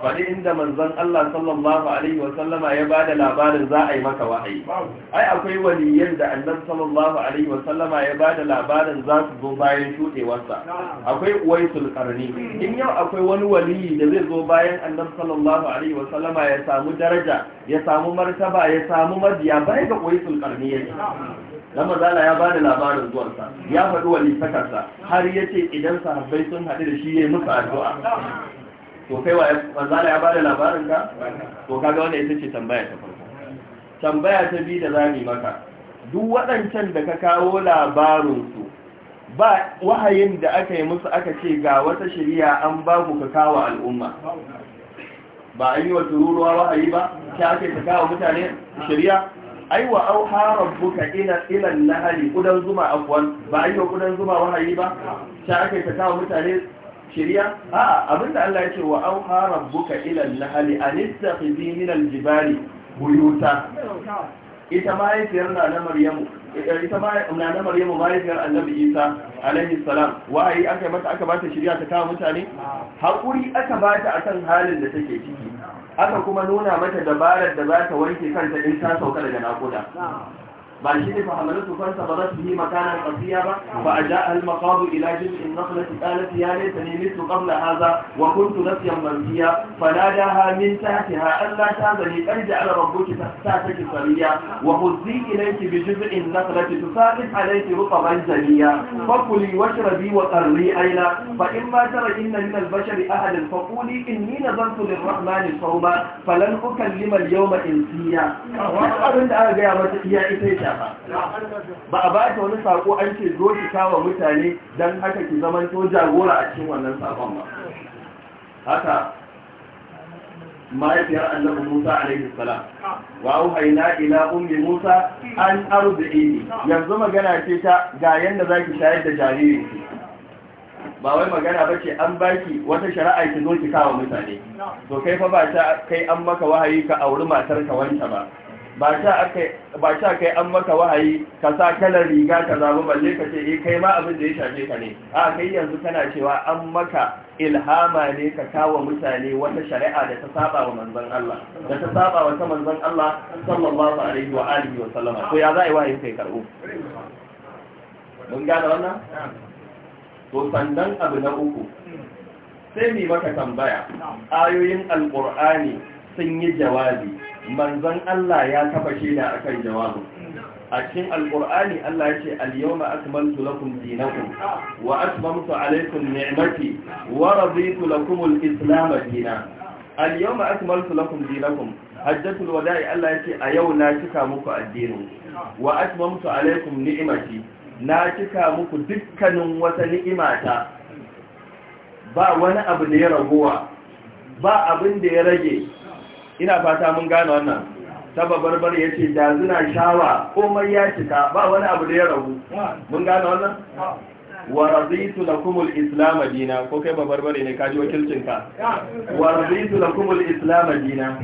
faɗi inda manzon Allah sallallahu alaihi wa sallama ya bada labarin za a yi maka wahayi ai akwai waliyan da annabi sallallahu alaihi wa sallama ya bada labarin za su zo bayan shudewarsa akwai uwaisul qarni in yau akwai wani waliyi da zai zo bayan annabi sallallahu alaihi wa sallama ya samu daraja ya samu martaba ya samu madiya bai ga uwaisul qarni yake Lamar zala ya bada labarin zuwansa ya faɗi walifatarsa har ya ce idan sahabbai sun haɗu da shi ya yi musu addu'a to kai wa zala ya bada labarin ka to kaga wanda ita ce tambaya ta farko tambaya ta biyu da zami maka duk waɗancan da ka kawo labarinsu ba wahayin da aka yi musu aka ce ga wata shirya an ba ku ka kawo al'umma ba a yi wa tururuwa wahayi ba ta aka yi ta kawo mutane shirya ai wa auha rabbuka ila kudan zuma afwan ba ai wa kudan zuma wahayi ba ta ake ta kawo mutane shiriya a abinda Allah ya ce wa auha rabbuka ila nahari an istakhidhi min buyuta ita ma na Maryamu ita ba na na maryamu mahaifiyar annabi isa alaihi salam wa'ayi aka mata aka bata shirya ta kawo mutane hakuri aka bata akan halin da take ciki aka kuma nuna mata dabarar da za ta wanke kanta in ta sauka daga nakuda بعد شيء فانتبضت به مكانا قصيابا فأجاء المقاض إلى جزء النقلة قالت يا ليتني مثل قبل هذا وكنت نسيا منسيا فناداها من تحتها ألا تعزني أرجع لربك تحتك سريا وهزي إليك بجزء النقلة تسابق عليك رطبا زليا فكلي واشربي وقري أيلا فإما ترى إن من البشر أهلا فقولي إني نظرت للرحمن صوما فلن أكلم اليوم إنسيا وقال أنت آجا يا إتيتا ba ba a ba ta wani sako an ce zo ki kawo mutane don haka ki zaman to jagora a cikin wannan sakon ba haka mahaifiyar annabi Musa alaihi salam wa Haina, ila ummi Musa an ni. yanzu magana ce ta ga yanda zaki shayar da jariri ba wai magana ba ce an baki wata shari'a ki zo ki kawo mutane to kai fa ba ta kai an maka wahayi ka auri matar ka wanta ba ba ta kai an maka wahayi ka sa kalar riga ka zaɓi balle ka ce eh kai ma abin da ya shafe ka ne a kai yanzu kana cewa an maka ilhama ne ka kawo mutane wata shari'a da ta saba wa manzon Allah da ta saba wa ta manzon Allah sallallahu alaihi wa alihi wa sallama to ya za a yi wahayi kai karbu mun gane wannan to sannan abu na uku sai mi maka tambaya ayoyin alqur'ani sun yi jawabi manzon Allah ya kafa shaida akan jawabin a cikin alqur'ani Allah ya ce al-yawma akmaltu lakum dinakum wa atmamtu alaykum ni'mati wa raditu lakum al-islam dinan al-yawma akmaltu lakum dinakum hajjatul wada'i Allah ya ce a yau na cika muku addinin wa atmamtu alaykum ni'mati na cika muku dukkanin wata ni'imata ba wani abu da ya ragowa ba abin da ya rage ina fata mun gane wannan sababar bar ya ce da zuna shawa komai ya cika ba wani abu da ya rabu mun gane wannan wa raditu lakum al-islam dina ko kai babarbare ne kaji wakilcin ka wa raditu lakum al-islam dina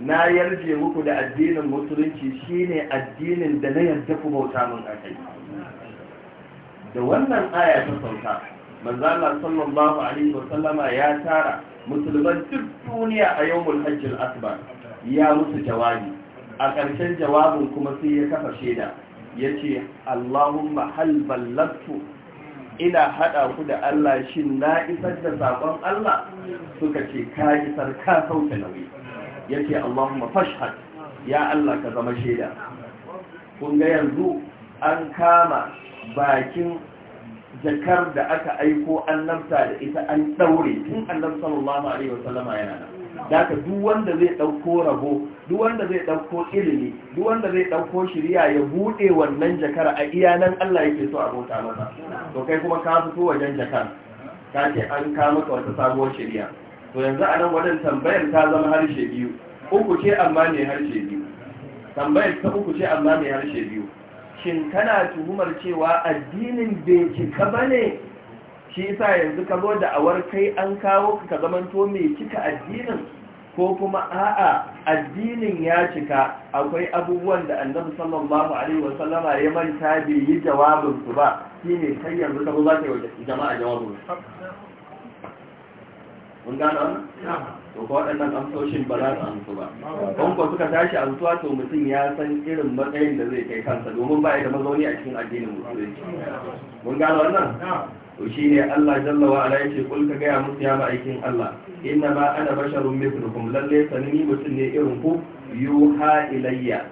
na yarje muku da addinin musulunci shine addinin da na yarda ku bauta mun akai da wannan aya ta sauka manzala sallallahu alaihi wasallama ya tara musulman duk duniya a yau mulhajjil asbar ya musu jawabi a ƙarshen jawabin kuma sai ya kafa shaida ya ce allahumma hal ballabtu ina haɗa ku da allah shin na isar da saƙon allah suka ce ka isar ka sauke nauyi ya ce allahumma fashhad ya allah ka zama shaida kun ga yanzu an kama bakin jakar da aka aiko annabta da ita an daure tun annab sallallahu alaihi wasallam yana da ka duk wanda zai dauko rabo duk wanda zai dauko ilimi duk wanda zai dauko shiriya ya bude wannan jakar a iya nan Allah yake so a bauta masa to kai kuma ka fito wajen jakar ka ce an ka maka wata sabuwar shiriya to yanzu a nan wajen tambayar ta zama harshe biyu uku ce amma ne harshe biyu tambayar ta uku ce amma ne harshe biyu shin kana tuhumar cewa addinin bai cika ba ne shi isa yanzu ka zo da awar kai an kawo ka zamanto mai cika addinin ko kuma a'a addinin ya cika akwai abubuwan da annabi sallallahu alaihi wasallama ya manta bai yi jawabinsu su ba shine kai yanzu ka zo za ka yi jama'a jawabin mun gano to ko waɗannan amsoshin ba za su amsu ba don ko suka tashi amsuwa to mutum ya san irin matsayin da zai kai kansa domin ba ya da mazauni a cikin addinin musulunci mun gano wannan to shine Allah jalla wa ala yake kul ka gaya musu ya aikin Allah inna ma ana basharun mithlukum lalle sanni mutum ne irin ku yuha ilayya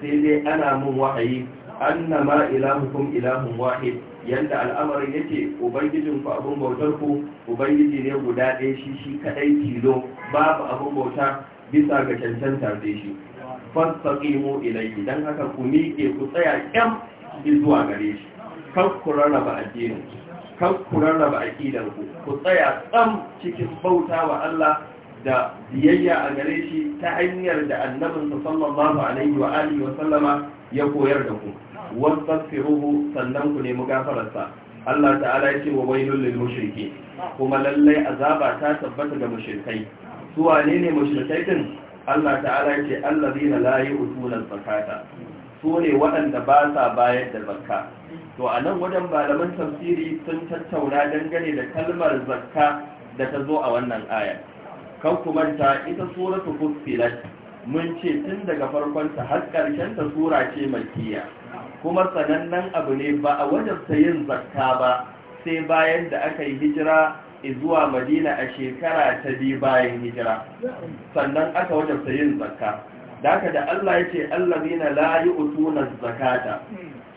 sai dai ana mun wahayi annama ilahukum ilahun wahid yanda al'amarin yake ubangijin ku abin bautar ku ubangiji ne guda ɗaya shi shi kaɗai tilo babu abun bauta bisa ga cancanta da shi fastaqimu ilayhi dan haka ku miƙe ku tsaya kyam zuwa gare shi kan ku rarraba addinin kan ku rarraba aƙidar ku ku tsaya tsam cikin bauta wa Allah da biyayya a gare shi ta hanyar da annabinsa sallallahu alaihi wa alihi wa sallama ya koyar da ku wastaghfiruhu sannan ku nemi gafararsa Allah ta'ala ya ce wa wailul lil mushriki kuma lallai azaba ta tabbata ga mushrikai su wane ne mushrikai din Allah ta'ala yake Allah allazina la yu'tuna zakata su ne waɗanda ba sa bayar da zakka to anan nan wajen malaman tafsiri sun tattauna dangane da kalmar zakka da ta zo a wannan aya kan ta ita suratul fussilat mun ce tun daga farkon ta har ƙarshen ta sura ce makkiya kuma sanannen abu ne ba a wajen yin zakka ba sai bayan da aka yi hijira zuwa madina a shekara ta biyu bayan hijira sannan aka wajen yin zakka da da Allah ya ce allazina layi yu'tuna zakata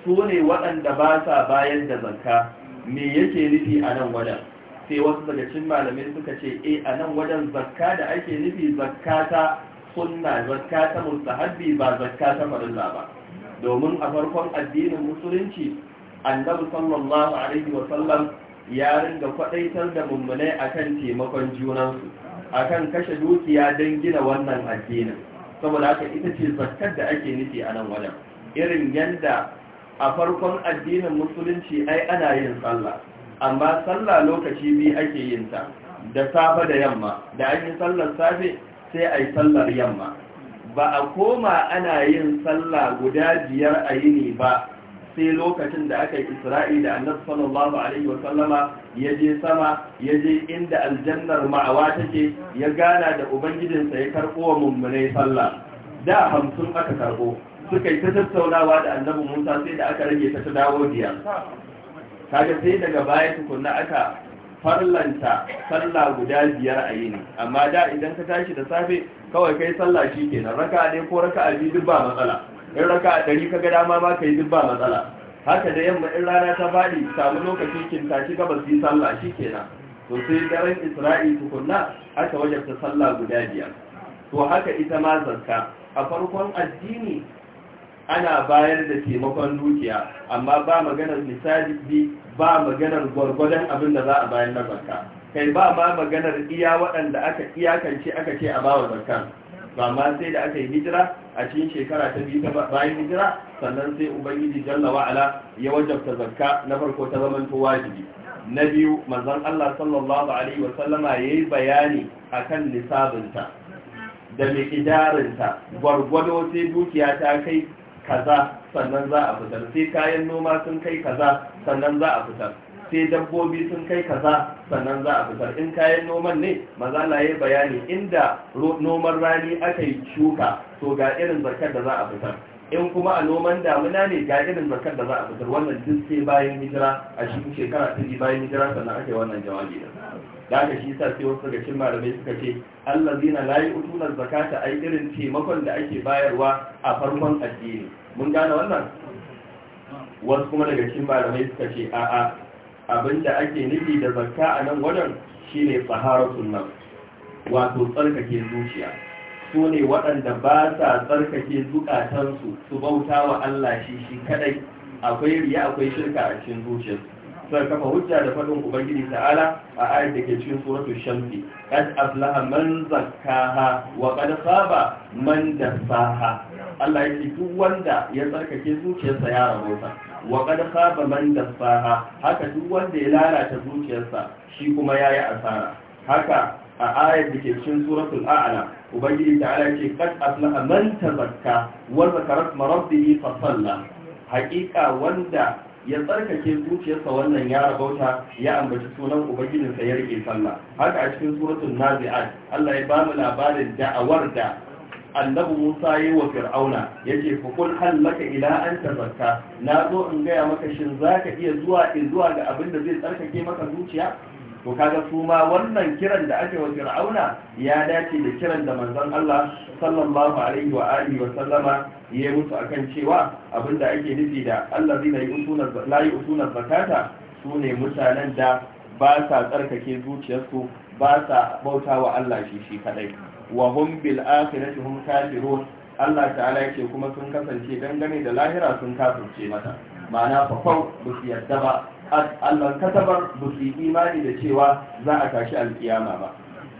su ne waɗanda ba sa bayan da zakka me yake nufi a nan wajen sai wasu daga cin malamai suka ce e a nan wajen zakka da ake nufi zakka ta sunna zakka ta mustahabbi ba zakka ta farilla ba domin a farkon addinin musulunci annabi sallallahu alaihi wasallam ya ringa kwadaitar da mummunai akan taimakon junansu akan kashe dukiya don gina wannan addinin saboda haka ita ce zakkar da ake nufi a nan wajen irin yadda a farkon addinin musulunci ai ana yin sallah amma sallah lokaci biyu ake yin ta da safe da yamma da an yi sallar safe sai a yi sallar yamma ba a koma ana yin sallah guda biyar a yini ba sai lokacin da aka yi isra'i da annabi sallallahu alaihi wasallama ya je sama ya je inda aljannar ma'awa take ya gana da ubangijinsa ya karɓo wa mummunai sallah da hamsin aka karɓo suka yi ta tattaunawa da annabi musa sai da aka rage ta ta dawo biyar kaga sai daga baya tukunna aka farlanta sallah guda biyar a yini amma da idan ka tashi da safe kawai kai sallah shi kenan raka ɗaya ko raka a biyu duk ba matsala in raka a ɗari ka ga dama ma ka yi duk ba matsala haka da yamma in rana ta faɗi samu lokaci kin tashi gabas yi sallah shi kenan to sai daren isra'i tukunna aka wajabta sallah guda biyar to haka ita ma zarka a farkon addini ana bayar da taimakon dukiya amma ba maganar misali ba maganar gwargwadon abin da za a bayar na zakka kai ba ma maganar iya waɗanda aka iyakance aka ce a bawa zakka ba ma sai da aka yi hijira a cikin shekara ta biyu bayan hijira sannan sai ubangiji jalla wa'ala ya wajabta zakka na farko ta zaman to wajibi na biyu manzon Allah sallallahu alaihi wa sallama yayi bayani akan nisabinta da mai idarinta gwargwado sai dukiya ta kai kaza sannan za a fitar sai kayan noma sun kai kaza sannan za a fitar sai dabbobi sun kai kaza sannan za a fitar in kayan noman ne maza na yi bayani inda noman rani aka yi shuka to ga irin zakar da za a fitar in kuma a noman damuna ne ga irin zakar da za a fitar wannan duk sai bayan hijira a shi shekara ta bayan hijira sannan ake wannan jawabi da da aka shi sa sai wasu daga cikin malamai suka ce allazina la yu'tuna zakata ai irin taimakon da ake bayarwa a farkon addini mun gane wannan wasu kuma daga cikin malamai suka ce a'a abinda ake nufi da zakka a nan wajen shine taharatul nafs wato tsarkake zuciya su ne waɗanda ba sa tsarkake zukatansu su bauta wa Allah shi shi kadai akwai riya akwai shirka a cikin zuciyarsu suka kafa hujja da faɗin ubangiji ta'ala a ayat da ke cikin suratul shamsi qad aflaha man zakkaha wa qad khaba man dassaha Allah yake duk wanda ya tsarkake zuciyarsa ya rabota wa qad khaba man dassaha haka duk wanda ya lalata zuciyarsa shi kuma yayi asara haka a ayar da ke cikin suratul a'la ubangiji ta'ala ce qad aflaha man tazakka wa zakara rabbihi fa salla haƙiƙa wanda ya tsarkake zuciyarsa wannan ya rabauta ya ambaci sunan sa ya rike sallah haka a cikin suratul nazi'at Allah ya bamu labarin da'awar da annabi Musa yi wa Fir'auna yake fa kul hal laka ila an tazakka na zo in gaya maka shin zaka iya zuwa in zuwa ga abin da zai tsarkake maka zuciya to kaga su ma wannan kiran da ake wa fir'auna ya dace da kiran da manzon Allah sallallahu alaihi wa alihi wa sallama ya mutu akan cewa abinda ake nufi da allazina yusuna la yusuna zakata sune mutanen da ba sa tsarkake zuciyarsu ba sa bauta wa Allah shi shi kadai wa hum bil akhirati hum kafirun Allah ta'ala yake kuma sun kasance dangane da lahira sun kafirce mata ma'ana fa fa ba yadda ba Allah katabar ba su imani da cewa za a tashi alkiyama ba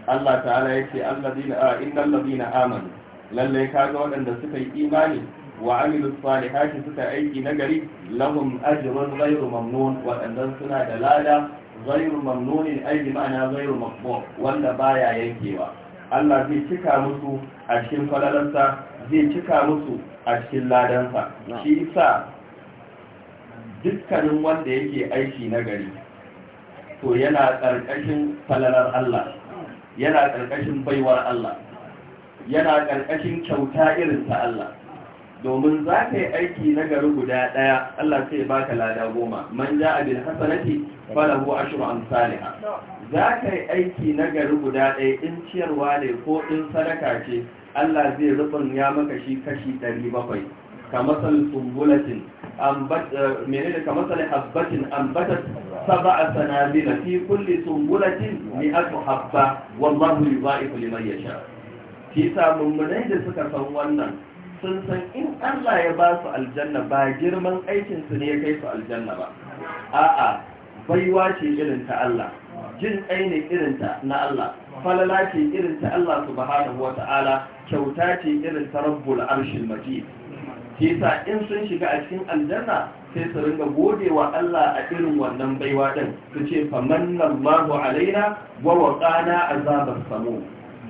Allah ta'ala ya ce innal ladina amanu lallai kaga waɗanda suka yi imani wa amilu salihati suka aiki nagari lahum ajrun ghayru mamnun waɗannan suna da lada ghayru mamnunin ai ma'ana ghayru maqbu wanda baya yankewa Allah zai cika musu a cikin falalansa zai cika musu a cikin ladansa shi yasa dukkanin wanda yake aiki na gari to yana ƙarƙashin falalar Allah yana ƙarƙashin baiwar Allah yana ƙarƙashin kyauta irin ta Allah domin za ka yi aiki na gari guda ɗaya Allah sai ba ka lada goma man ja abin hasanati falahu ashru saliha za ka yi aiki na gari guda ɗaya in ciyarwa ne ko in sadaka ce Allah zai rubun ya maka shi kashi bakwai. كمثل سنبلة أنبت منين كمثل حبة أنبتت سبع سنابل في كل سنبلة مئة حبة والله يضاعف لمن يشاء في سامن da suka san wannan sun san in Allah ya ba su aljanna ba girman aikinsu ne ya kai su aljanna ba a'a baiwa ce irin ta Allah jin kai ne irin ta na Allah falala ce irin ta Allah subhanahu ta'ala; kyauta ce irin ta rabbul arshil majid shi in sun shiga a cikin aljanna sai su ringa wa Allah a irin wannan baiwa din su ce famanna Allahu alaina wa waqana azabar samu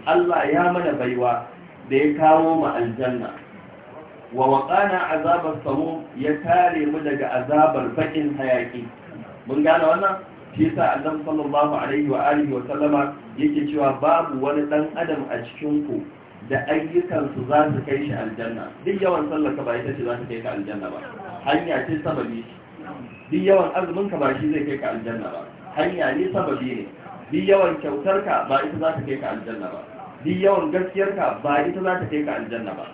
Allah ya mana baiwa da ya kawo mu aljanna wa waqana azabar samu ya kare mu daga azabar bakin hayaki mun gane wannan shi yasa annabi sallallahu alaihi wa alihi wa sallama yake cewa babu wani dan adam a cikin ku da ayyukansu za su kai shi aljanna duk yawan sallar ka ba ita ce za ta kai ka aljanna ba hanya ce sababi duk yawan ka ba shi zai kai ka aljanna ba hanya ne sababi ne duk yawan kyautar ka ba ita za ta kai ka aljanna ba duk yawan gaskiyar ka ba ita za ta kai ka aljanna ba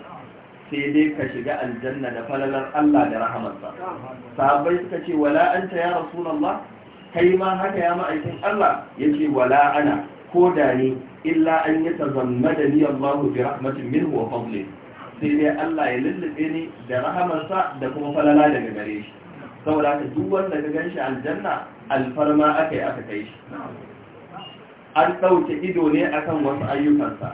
sai dai ka shiga aljanna da falalar Allah da rahamarsa sahabbai suka ce wala anta ya rasulullah kai ma haka ya ma'aikin Allah yace wala ana ko da ne illa an yi da ni Allah bi rahmatin minhu wa fadli sai dai Allah ya lullube ni da rahamarsa da kuma falala daga gare shi saboda haka duk wanda ka ganshi aljanna alfarma akai aka kai shi an ɗauke ido ne akan wasu ayyukansa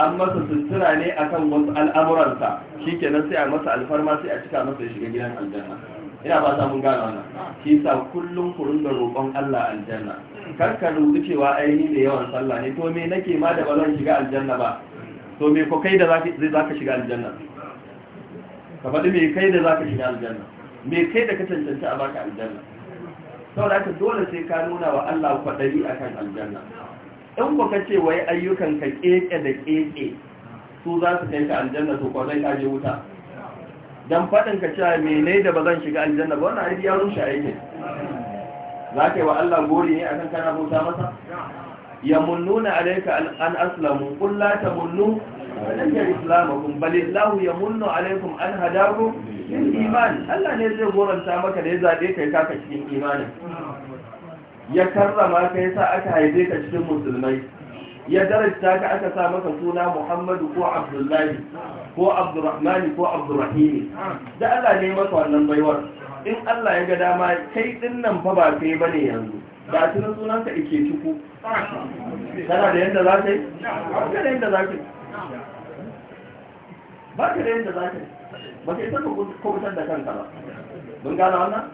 an masa sutura ne akan wasu al'amuransa shi shikenan sai a masa alfarma sai a cika masa ya shiga gidan aljanna ina ba ta mun gano wannan shi sa kullum kurun da roƙon Allah aljanna karka rubuta cewa ainihi ne yawan sallah ne to me nake ma da bazan shiga aljanna ba to me ko kai da zai zaka shiga aljanna ka faɗi me kai da zaka shiga aljanna me kai da ka tantance a baka aljanna saboda haka dole sai ka nuna wa Allah kwaɗari akan aljanna in ko ka ce wai ayyukan ka keke da keke su za su kai ka aljanna to ko zai ka je wuta dan faɗin ka cewa me ne da bazan shiga aljanna ba wannan aiki ya rushe aikin za ka yi wa Allah gori ne akan kana bauta masa ya munnuna alayka an aslamu qul la tamunnu alayka islamakum bal ya munnu alaykum an hadaru? lil iman Allah ne zai goranta maka da ya zabe kai ka cikin imanin ya karrama ka yasa aka haife ka cikin musulmai ya darasta ka aka sa maka suna Muhammadu ko Abdullahi ko Abdurrahmani ko Abdurrahimi da Allah ne masa wannan baiwar in Allah ya ga dama kai din nan fa ba kai bane yanzu ba sunan ka ike ciku kana da yadda za ka yi ba ka da yadda za ka yi ba ka da yadda za ka yi ba ka yi ta kubutar da kanka ba mun gane wannan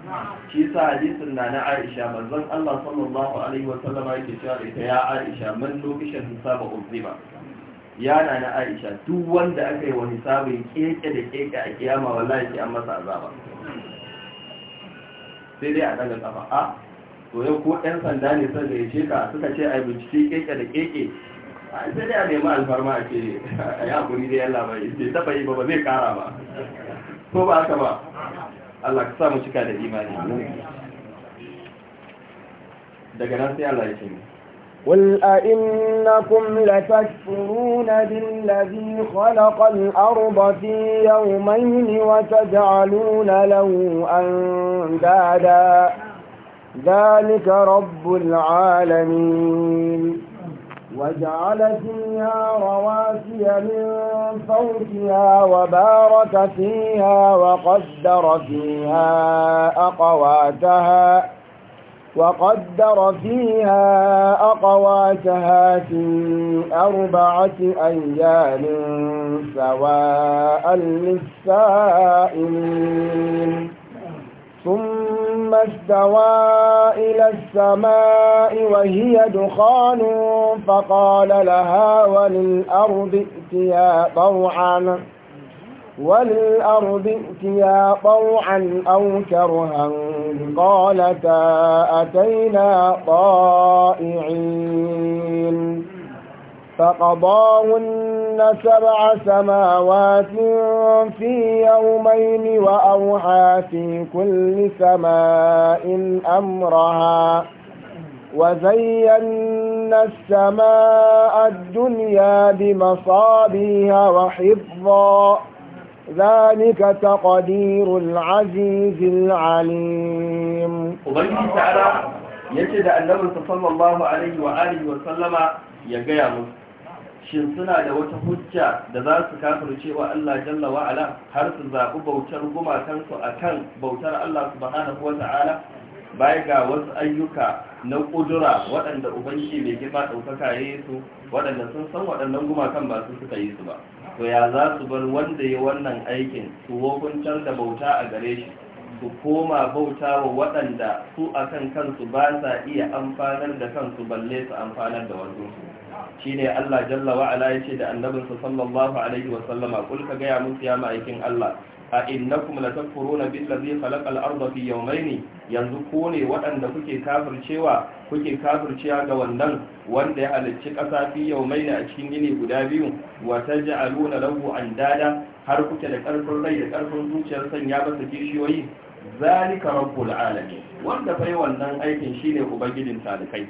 shi yasa hadisin na na Aisha manzon Allah sallallahu alaihi wa sallama yake cewa ita ya Aisha man lokishan hisaba uzriba ya na na Aisha duk wanda aka yi wa hisabin keke da keke a kiyama wallahi sai an masa azaba sai dai a daga kafa a ah, to yau ko ɗan sanda ne sai da yace ka suka ce ai bincike keke da keke sai dai a nemi alfarma a ce a yi da yalla bai sai taba yi ba ba zai kara ba ko ba haka ba Allah ka samu cika da imani daga nan sai Allah ya ce قل أئنكم لتكفرون بالذي خلق الأرض في يومين وتجعلون له أندادا ذلك رب العالمين وجعل فيها رواسي من فوقها وبارك فيها وقدر فيها أقواتها وقدر فيها أقواتها في أربعة أيام سواء للسائلين ثم استوى إلى السماء وهي دخان فقال لها وللأرض ائتيا طوعا وللأرض ائتيا طوعا أو كرها قالتا أتينا طائعين فقضاهن سبع سماوات في يومين وأوحى في كل سماء أمرها وزينا السماء الدنيا بمصابيها وحفظا ذلك تقدير العزيز العليم وبالله تعالى يجد أنه صلى الله عليه وآله وسلم يقيمه shin suna da wata hujja da za su kafiru cewa Allah jalla wa'ala har su zaɓi bautar gumakansu a kan bautar Allah subhanahu wa ta'ala baya ga wasu ayyuka na ƙudura waɗanda ubangi mai girma ɗaukaka ya yi su waɗanda sun san waɗannan gumakan ba su suka yi su ba to ya za su bar wanda ya wannan aikin su wokuntar da bauta a gare shi su koma bauta wa waɗanda su a kan kansu ba sa iya amfanar da kansu balle su amfanar da wasu shi ne Allah jalla wa'ala ya ce da annabinsa sallallahu alaihi wasallama kulka gaya musu ya ma'aikin Allah a kuma na bin billazi khalaqal arda fi ne yanzu ko ne waɗanda kuke kafircewa kuke kafircewa ga wannan wanda ya halicci ƙasa fi ne a cikin gini guda biyu wata wa lagu an dada har kuke da ƙarfin rai da ƙarfin zuciyar sanya masa kishiyoyi zalika rabbul alamin wanda fai wannan aikin shine ubangijin talikai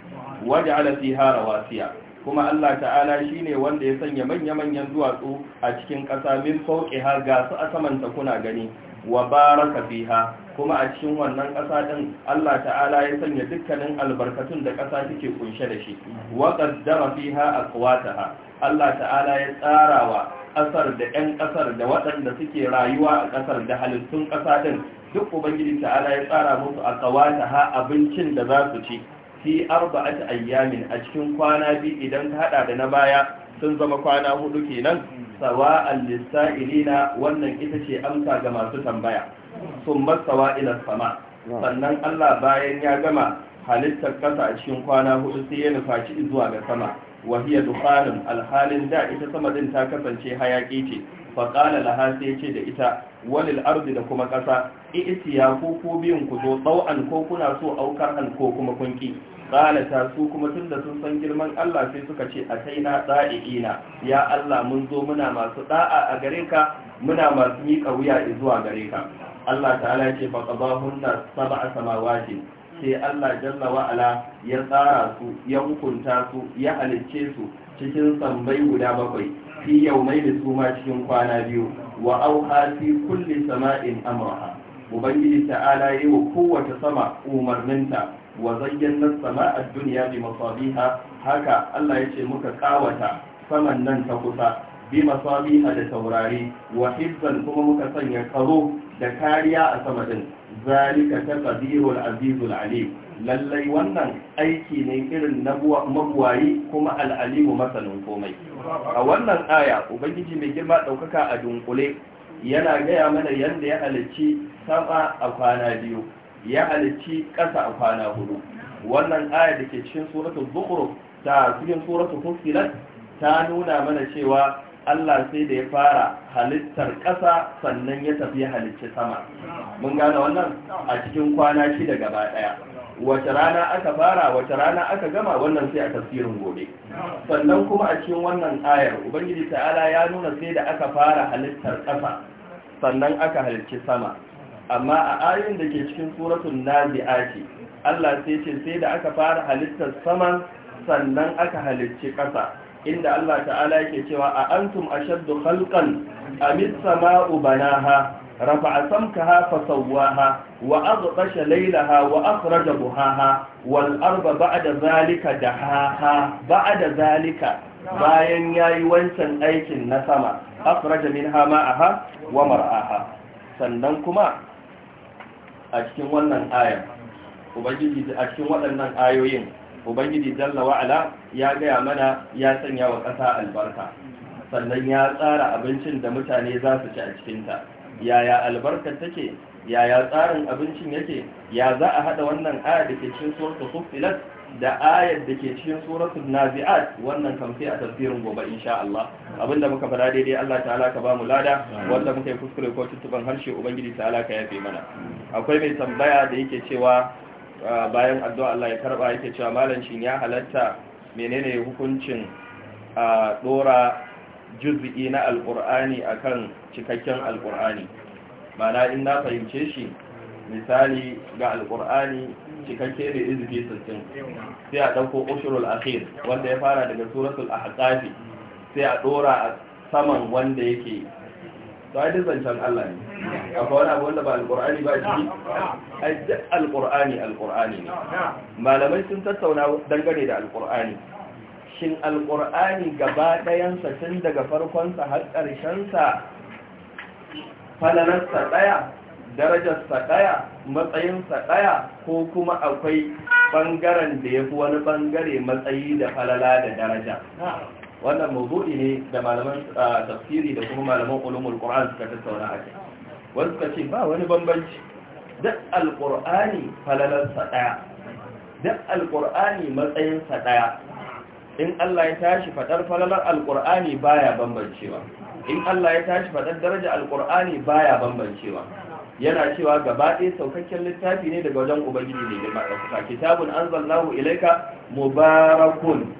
waja'ala fiha rawasiya kuma Allah ta'ala shine wanda ya sanya manya-manyan duwatsu a cikin ƙasa min fauqiha ga su a saman ta kuna gani wa baraka fiha kuma a cikin wannan ƙasa din Allah ta'ala ya sanya dukkanin albarkatun da ƙasa take kunshe da shi wa qaddara fiha aqwataha Allah ta'ala ya tsara wa. ƙasar da 'yan ƙasar da waɗanda suke rayuwa a ƙasar da halittun ƙasa ɗin duk ubangiji ta'ala ya tsara musu a kawata ha abincin da za su ci fi arba'ati ayyamin a cikin kwana bi idan ka hada da na baya sun zama kwana hudu kenan alista ilina wannan ita ce amsa ga masu tambaya sun masawa ila sama sannan Allah bayan ya gama halittar kasa a cikin kwana hudu sai ya nufaci zuwa ga sama wahiya dukhanin alhalin da ita sama din ta kasance hayaki ce faƙala laha sai ce da ita walil ardi da kuma ƙasa itiya ku ko biyun ku zo tsawon ko kuna so aukar an ko kuma kunki ta su kuma tun da sun san girman Allah sai suka ce a taina ɗa'i'ina ya Allah mun zo muna masu ɗa'a a gare ka muna masu miƙa wuya zuwa gare ka Allah ta'ala ce faƙabahunna sab'a samawati ce Allah jalla wa'ala ya tsara su ya hukunta su ya halicce su cikin sambai guda bakwai fi yau mai da su ma cikin kwana biyu wa auha fi kulli sama'in amraha ubangiji ta'ala yi wa kowace sama umarninta wa sama sama'a duniya bi masabiha haka Allah ya ce muka kawata saman nan ta kusa bi masabiha da taurari wa hibban kuma muka sanya karo da kariya a sama din zalika taqdirul azizul alim lallai wannan aiki ne irin na magwayi kuma al'alimu masanin komai a wannan aya ubangiji mai girma ɗaukaka a dunkule yana gaya mana yadda ya halicci sama a kwana biyu ya halicci ƙasa a kwana hudu wannan aya da ke cikin suratul zukhruf ta cikin suratul fussilat ta nuna mana cewa Allah sai da ya fara halittar ƙasa sannan ya tafi halicci sama mun gane wannan a cikin kwana shi da gaba ɗaya wace rana aka fara wace rana aka gama wannan sai a tafsirin gobe sannan kuma a cikin wannan ayar ubangiji ta'ala ya nuna sai da aka fara halittar ƙasa sannan aka halicci sama amma a ayin da ke cikin suratul nazi'ati Allah sai ce sai da aka fara halittar sama sannan aka halicci ƙasa inda Allah ta'ala yake cewa a antum ashaddu khalqan amis sama'u banaha rafa'a samkaha sawwaha wa aghtasha laylaha wa akhraja buhaha wal arda ba'da zalika dahaha ba'da zalika bayan yayi wancan aikin na sama akhraja minha ma'aha wa mar'aha sannan kuma a cikin wannan aya ubangiji a cikin waɗannan ayoyin ubangiji jalla wa'ala ya gaya mana ya sanya wa ƙasa albarka sannan ya tsara abincin da mutane za su ci a cikinta yaya albarkar take yaya tsarin abincin yake ya za a haɗa wannan aya da ke cikin suratul suffilat da ayar da ke cikin suratul nazi'at wannan kamfe a tafsirin gobe insha Allah abinda muka fara daidai Allah ta'ala ka bamu lada wanda muka yi kuskure ko tutuban harshe ubangiji ta'ala ka yafe mana akwai mai tambaya da yake cewa Ah, bayan addu'a Allah ya karba yake cewa mallam shin ya halatta menene hukuncin a ah, dora juz'i na alqur'ani akan cikakken alqur'ani mana in na fahimce shi misali ga alkur'ani cikakke da izbi sassin sai a ɗauko ushurul akhir wanda ya fara daga suratul ahqaf sai a dora saman wanda yake to ai zancen Allah ne akwai wani abu wanda ba alkur'ani ba shi ajiyar alkur'ani alkur'ani ne malamai sun tattauna dangane da alkur'ani shin alkur'ani gaba ɗayansa tun daga farkonsa har ƙarshensa falanarsa ɗaya darajarsa ɗaya matsayinsa ɗaya ko kuma akwai ɓangaren da ya fi wani ɓangare matsayi da falala da daraja wannan mazuɗi ne da malaman ah, tafsiri da kuma malaman ulumul ƙur'an suka tattauna a Wasu ka ce ba wani bambanci duk alƙur'ani falalarsa ɗaya duk alƙur'ani matsayinsa ɗaya in Allah ya tashi faɗar falalar alƙur'ani baya bambancewa in Allah ya tashi faɗar daraja alƙur'ani baya bambancewa yana cewa gaba ɗaya saukakken littafi ne daga wajen ubangiji ne girma ɗaukaka kitabun an zallahu ilaika mubarakun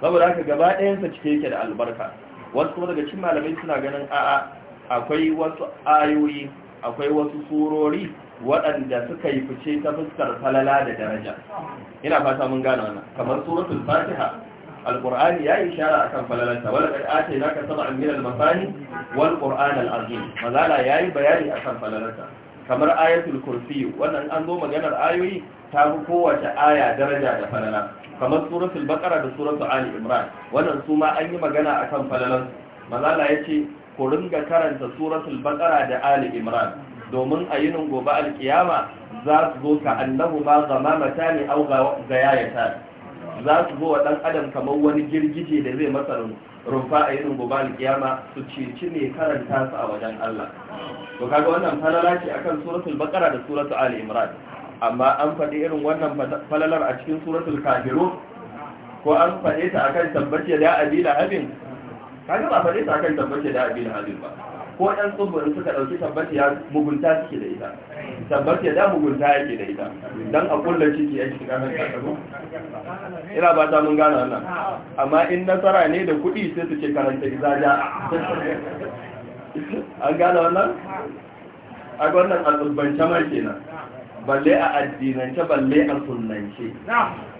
saboda haka gaba ɗayansa cike yake da albarka wasu kuma daga cikin malamai suna ganin a'a akwai wasu ayoyi akwai wasu surori waɗanda suka yi fice ta fuskar falala da daraja ina fata mun gane wannan kamar suratul fatiha alqur'ani ya yi shara akan falalarta wala qad atainaka sab'an min al-masani wal qur'an al-azim mazala yayi bayani akan falalarta kamar ayatul kursi wannan an zo maganar ayoyi ta fi kowace aya daraja da falala kamar suratul baqara da suratul ali imran wannan su ma an yi magana akan falalarsu mazala yace ku ringa karanta suratul baqara da ali imran domin a yinin gobe alkiyama za su zo ka annahu ma zamamata ne au gayayata za su zo wa dan adam kamar wani girgije da zai masa rumfa a yinin gobe alkiyama su cici ne karanta su a wajen Allah to kaga wannan falala ce akan suratul baqara da suratul ali imran amma an faɗi irin wannan falalar a cikin suratul kafirun ko an faɗe ta akan tabbace da abila abin kaji ba fare ta kan tabbace da abin hadin ba ko ɗan tsibirin suka ɗauki tabbace ya mugunta suke da ita tabbace da mugunta yake da ita don a kulla ciki ya cikin ƙasar ƙasar ina ba ta mun gane wannan amma in nasara ne da kuɗi sai su ce karanta izaja an gane wannan a wannan a tsubbance mai kenan balle a addinance balle a sunnance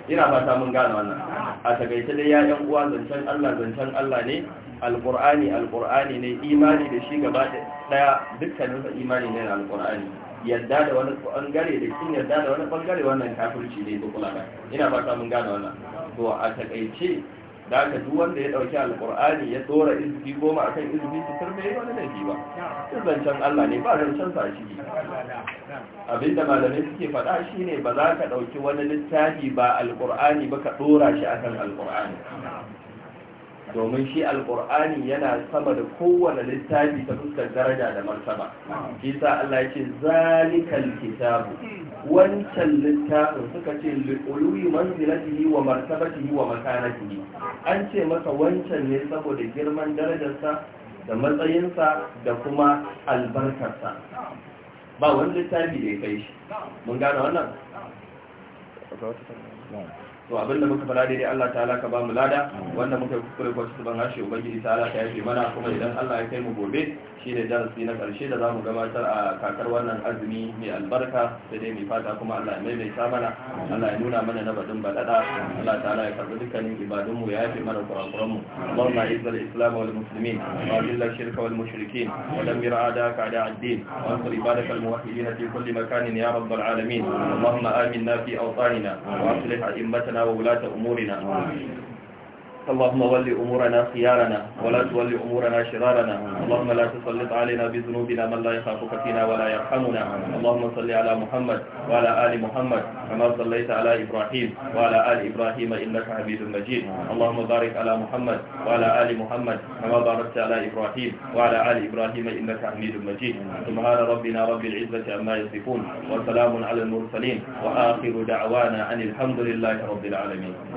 ina fata mun gane wannan a takaice dai ya yan uwa zancen Allah zancen Allah ne alqur'ani alqur'ani ne imani da shi gaba daya dukkanin sa imani ne alqur'ani yadda da wani bangare da kin yadda da wani bangare wannan kafirci ne ko kula ina fata mun gane wannan to a takaice da haka duk wanda ya dauki alkur'ani ya dora izbi goma akan izbi sitar bai yi wani laifi ba duk zancen Allah ne ba zancen sa shi abinda malamai suke faɗa shine ba za ka dauki wani littafi ba alkur'ani ba ka dora shi akan alkur'ani domin shi alkur'ani yana sama da kowane littafi ta fuskar daraja da martaba shi sa Allah ya ce zalikal kitabu wancan littafin suka ce liquluyi manzilatihi wa martabatihi wa makanatihi an ce masa wancan ne saboda girman darajarsa da matsayinsa da kuma albarkarsa ba wani littafi da ya kai shi mun gane wannan to abinda muka fara daidai Allah ta'ala ka ba mu lada wanda muka kuskure ko su ban harshe ubangiji ta'ala ka yafe mana kuma idan Allah ya kai mu gobe shine darasi na karshe da zamu gabatar a kakar wannan azumi mai albarka sai dai mai fata kuma Allah ya maimaita mana Allah ya nuna mana na baɗin badada Allah ta'ala ya karbi dukkanin ibadun mu ya yafe mana kurakuran mu Allahumma izz al-islam wal muslimin wa dhill ash-shirka wal mushrikeen wa dammir a'daka a'da ad-din wa ansur ibadaka al-muwahhidin fi kulli makan ya rabb al-alamin Allahumma aminna fi awtanina wa aslih a'immatana ولاة أمورنا اللهم ولي أمورنا خيارنا ولا تولي أمورنا شرارنا اللهم لا تسلط علينا بذنوبنا من لا يخافك فينا ولا يرحمنا اللهم صل على محمد وعلى آل محمد كما صليت على إبراهيم وعلى آل إبراهيم إنك حميد مجيد اللهم بارك على محمد وعلى آل محمد كما باركت على إبراهيم وعلى آل إبراهيم إنك حميد مجيد سبحان ربنا رب العزة عما يصفون وسلام على المرسلين وآخر دعوانا أن الحمد لله رب العالمين